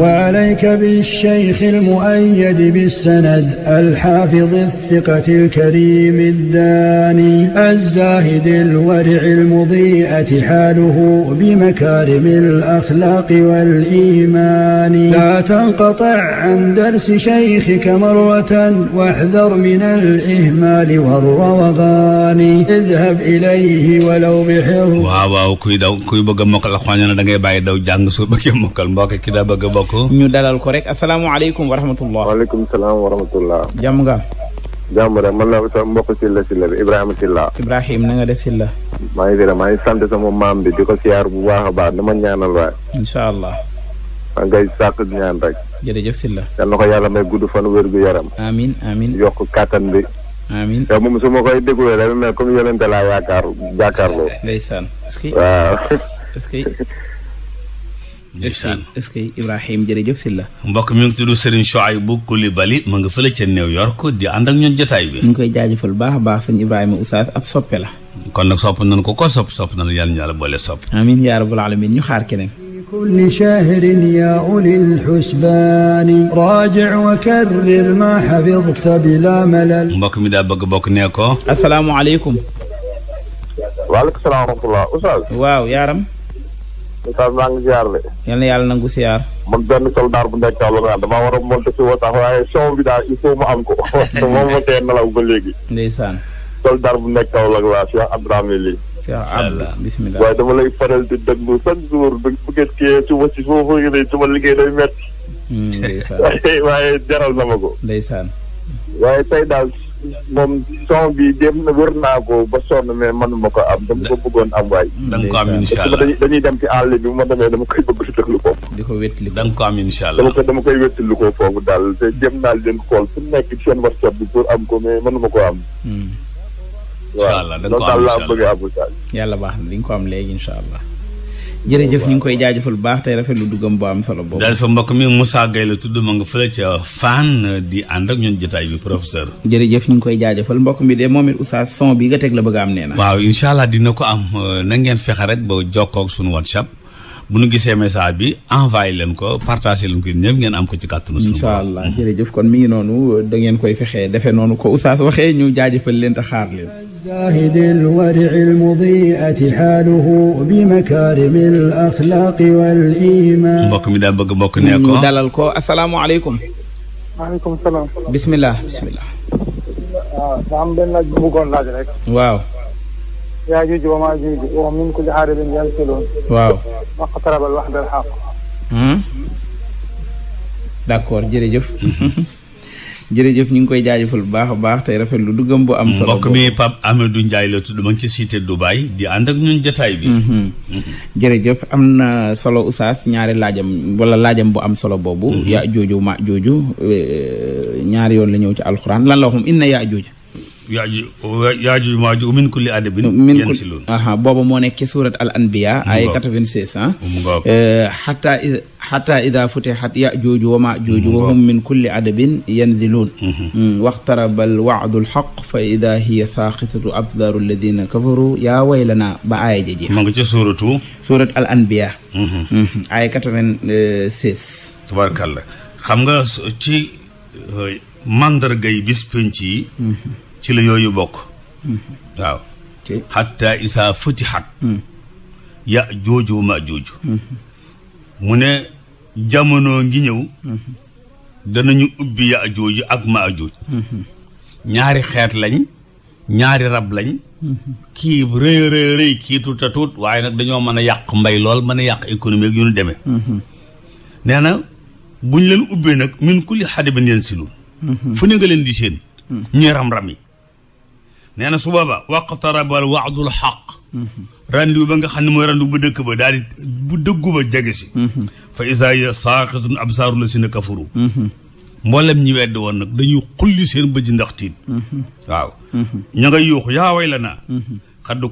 wa alayka bi cheikh al muayyad bi sanad al xaafid al thiqat al karim al daani al zaahid al wari al mudiati xaaluhu bi makarim al axlaaq wal iman الإيمان لا تنقطع عن درس شيخك مرة واحذر من الإهمال والروغان اذهب إليه ولو بحر waaw waaw kuy daw kuy bëgg a mokkal alxuraan da ngay bàyyi daw jàng soo bëggee mokkal mbokk ki daa bëgg a bokk ñu dalal ko rek asalaamaaleykum wa rahmatullah waaleykum salaam wa rahmatullah jàmm nga jàmm rek man la sa mbokk Silla Silla bi Ibrahima Silla Ibrahim na nga def Silla maa ngi maa ngi sant sama maam bi di ko siyaar bu baax a baax dama ñaanal waay incha allah ngay sàkk ñaan rek. jërëjëf Sylla. yal na ko yàlla may gudd fan wér gu yaram. amiin amiin yokk kàttan bi. amiin te moom su ma koy déglu rek mais comme yonente laa yaakaar jàkkaarloo. ndeysaan est-ce que. mbokk mi ngi tudd Serigne Chouaïbou Koulibaly mu nga fële ca New York di ànd ak ñun jotaay bi. ñu ngi koy jaajëfal baax baax sëñ Ibrahima Oustaz ab soppe la. kon nag sopp nañ ko ko sopp sopp nañ yàlla ñu yàlla boole sopp. amiin yaa rabbal alamin ñu xaar keneen. كل شهر يا أولي الحسبان راجع وكرر ما حفظت بلا ملل mbokk mi daa bëgg bokk nee ko asalaamaaleykum waaleykum salaam wa rahmatulah oustaz waaw yaaram oustaz maa ngi ziar le yal na yàlla nangu siyaar man benn soldaar bu nekk la naan damaa war a monte si woo sax waaye son bi daal il faut mu am ko moom ma tee nelaw ba léegi ndeysaan soldaar bu nekk kaw la laa Cheikh Abdourahmane Ly allah bisimilah waaye dama lay faral di déglu chaque jour bu ngeen kii ci wàcc su ma foogee ne sama liggéey day métti. Hmm, ndeysaan waaye jaral na ma ko. ndeysaan. waaye tey daal moom son bi dem na wër naa ko ba sonn mais manuma ko am dama ko bëggoon am waay. da nga ko am incha allah dem ci àll bi bu ma demee dama koy bëgg di déglu ko. di ko wétli am incha allah. dama ko dama koy wétli ko foofu daal te jëm naa leen xool fu nekk seen whatsapp bi pour am ko mais manuma ko am. Hmm. incha allah da nga ko am incha allah yàlla baax li nga ko am léegi incha allah. jërëjëf ñu ngi koy jaajëfal bu baax tey rafet lu duggam bu am solo boobu. daal fa mbokk mi Moussa Gueye la tudd ma nga fële ca Fann di ànd ak ñun jotaay bi professeur. jërëjëf ñu ngi koy jaajëfal mbokk mi de moom it oustaz son bi nga teg la bëgg am nee na. waaw incha allah dina ko am euh, na ngeen fexe rek ba jokkoo sunu suñu WhatsApp. bu nu gisee message bi envoyé leen ko partagé leen ko ñëpp ngeen am ko ci kàttanu suñu incha allah jërëjëf kon mi ngi noonu da ngeen koy fexee defe noonu ko oustaz waxee ñu jaajëfal leen te xaar leen الزاهد الورع المضيئة حاله بمكارم الأخلاق والإيمان mbokk mi daal bëgg mbokk nee ko dalal ko asalaamaaleykum maaleykum salaam ah, waaw yaajuuj wa maajuuj wa hum min kulli haadabin yansiluun. waaw. waqtaraba al-wa'du al-haqqu. d'accord jërëjëf. jërëjëf ñu ngi koy jaajëfal bu baax a baax tey rafet lu dugam bu am solo mbokk mi Pape Amadou Ndiaye la tudd ma ci cité Dubaay di ànd ak ñun jotaay bi mhm. am na solo Oustaz ñaari laajam wala laajam bu am solo boobu mhm. yaa jooju ma jooju eh, ñaari yoon la ñëw ci alxuraan lan la waxum inna yaa jooju yaajuuj maajuuj min kulli adabin yansiluun booba moo nekk ci suurat al anbiya ay 96 ah xataa eh, i xataa ida futixat yaajuuju wa maajuuju wa hum min kulli adabin yanziluun mhm. mm, waxtaraba al waadu lxaq fa ida hiya saaxitatu abdaru alladina kafaru yaa ba aaya ja jeex ma ci suuratu suurat al anbiya ay 96 tabaarkalla ci yooyu bokk mm-hmm. waaw xatta isaa xat ya jooju ma jooju mm-hmm. mu ne jamono ngi ñëw mm-hmm. danañu ubbi ya jooju ak ma jooju ñaari xeet lañ ñaari rab lañ kii rëy rëy kii tuut waaye nag dañoo mën a yàq mbay lool mën a yàq économie ak yu nu demee nee na buñ leen ubbee nag min kulli xadabin yansilun fu ne nga leen di seen mm. ñuy ram-ram yi nee na su boobaa waqtarabal waadul xaq rendiwu ba nga xam ne mooy rendiwu bu dëkk ba daal bu dëggu ba jege si fa isa ya saaxisum absaaru la si na kafaru mboolem ñi wedd woon nag dañuy xulli seen bëj ndax tiit waaw nga yuux yaa way la naa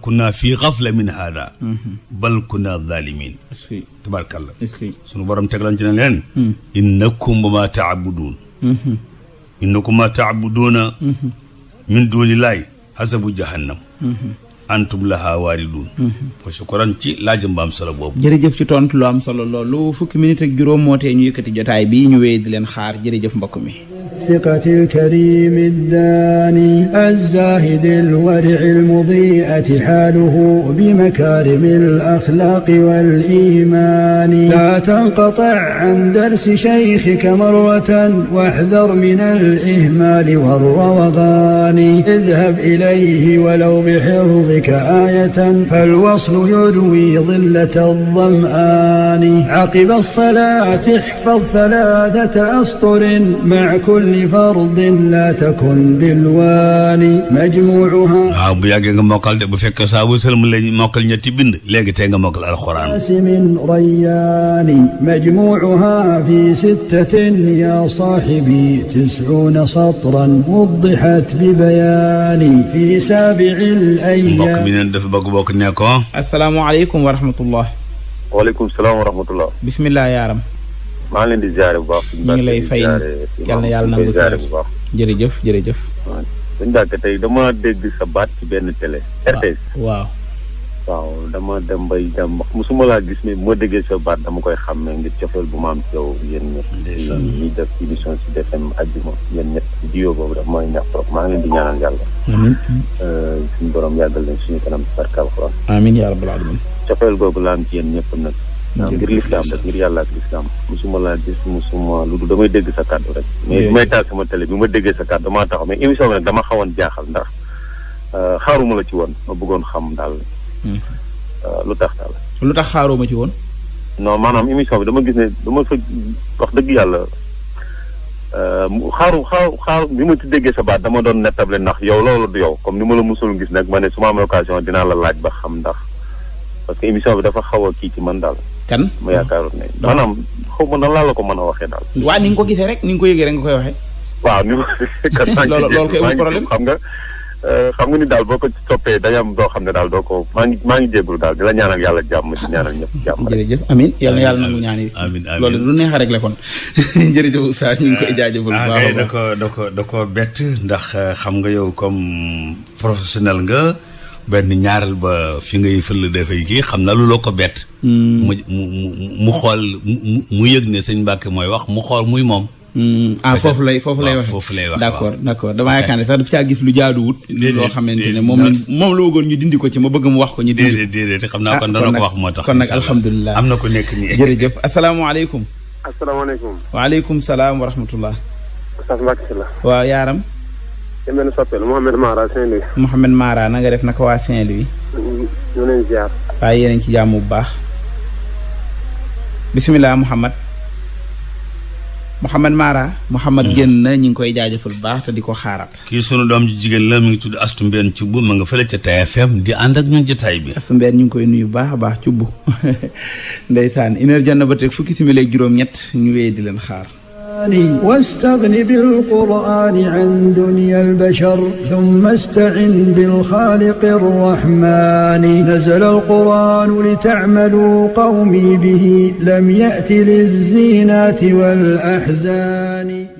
kunna fii xafla min hada bal kunna zalimin tabarkalla sunu borom teglan ci ne leen innakum ma taabuduun innakum min duuni hasabu jahannam antum laha waaridun wa shukran ci laajam ba am solo boobu jërëjëf ci tontu lu am solo loolu fukki minute juróom moo tee ñu yëkkati jotaay bi ñu wéy di leen xaar jërëjëf mbokk mi الثقة الكريم الداني الزاهد الورع المضيئة حاله بمكارم الأخلاق والإيمان لا تنقطع عن درس شيخك مرة واحذر من الإهمال والروغان اذهب إليه ولو بحفظك آية فالوصل يروي ظلة الظمآن عقب الصلاة احفظ ثلاثة أسطر مع كل kulli fardin la takun bilwaani majmuuha waaw bu yàggee nga mokkal de bu fekkee saa bu sëlmu la mokkal ñetti bind léegi tey nga mokkal alxuraan min rayaani majmuuha fi sittatin ya saaxibi tisuuna satran wuddixat bi bayaani fi saabici alayaam mbokk mi neen dafa bëgg bokk ne ko asalaamaaleykum wa rahmatullah waaleykum salaam wa rahmatullah bismillah yaaram maa leen di ziare bu baax. ñu ngi lay fay yal na yàlla nangu ziare bu baax jërëjëf jërëjëf. waaw suñu dàkk tey dama dégg sa baat ci benn télé. RTS waaw. waaw dama dem bay dem wax musuma laa gis ne moo déggee sa baat dama koy xam ne ngir cofeel bu ma am ci yow yéen ñëpp. ñuy def émission si DFM àjjuma yéen ñëpp boobu daf mooy neex trop maa ngi leen di ñaanal yàlla. amiin. Euh, suñu borom yàggal leen suñu kanam barke alxuraan. amiin yaa rabbal aalamiin. cofeel googu laa am ci yéen ñëpp nag. ngir lislaam rek ngir yàlla ak lislaam musuma laa gis musuma lu du damay dégg sa kàddu rek mais may taal sama télé bi ma déggee sa kàddu damaa taxaw mais émission bi nag dama xawoon euh, xaaruma la ci woon ma bëggoon xam daal hmm. euh, lu tax daal lu tax xaaruma ci woon non maanaam émission bi dama gis ne ma fa wax dëgg yàlla euh, xaaru xaaru xaaru bi ma ci déggee sa baat dama doon nettable ndax yow loolu du yow comme ni ma la musul gis nag ma ne su ma amee occasion dinaa la laaj ba xam ndax parce que émission bi dafa xaw a kii ci man daal kan ma yaakaaroon ne maanaam xaw ma nan laa la ko mën a waxee daal waaw ni nga ko gisee rek ni nga ko yëgee rek nga koy waxee waaw ni loolu loolu koy amul xam nga euh, xam nga ni daal boo ko soppee dañu am doo xam ne daal doo ko maa ngi maa ngi jégalu daal di la ñaanal yàlla jàmm di ñaanal ñëpp jàmm jërëjëf amin yàlla na yàlla nangu ñaan yi lu neex a rek la kon jërëjëf Oustaz ñu ngi koy jaajëfal bu ah, baax da ko da ko da ko bett ndax euh, xam nga yow comme professionnel nga benn ñaaral ba fi ngay fël dafay kii xam na lu la ko bett. Hmm. mu xool mu mu yëg ne sëñ mooy wax mu xool muy moom. Hmm. ah foofu lay foofu lay wax foofu lay wax d'accord d'accord damaa yaakaar ne sax daf caa gis lu jaaduwut loo xamante ne moom la moom la ñu dindi ko ci ma bëgg mu wax ko ñu dindi déedéet xam naa ah, kon dana ko wax moo tax kon nag alhamdulilah am na ko nekk nii jërëjëf asalaamaaleykum asalaamaaleykum waaleykum salaam wa rahmatullah Oustaz Mbacke waaw yaaram ci benn soppe la Mouhamed Mara Saint-Louis. Mara na nga def naka waa saint waaye yéen ci jàmm bu baax. bisimilah Mouhamed. Mouhamed Mara. Mouhamed génn na ñu ngi koy jaajëfal baax te di ko xaaraat. kii sunu doom ji jigéen la mi ngi tudd Astou Mbène Thioub ma nga fële ca TFM di ànd ak ñun jotaay bi. Astou Mbène ñu ngi koy nuyu baax a baax Thioub ndeysaan une heure jànn ba fukki simili ak juróom-ñett ñu wéy di leen xaar. واستغن بالقرآن عن دنيا البشر ثم استعن بالخالق الرحمن نزل القرآن لتعملوا قومي به لم يأت للزينات والأحزان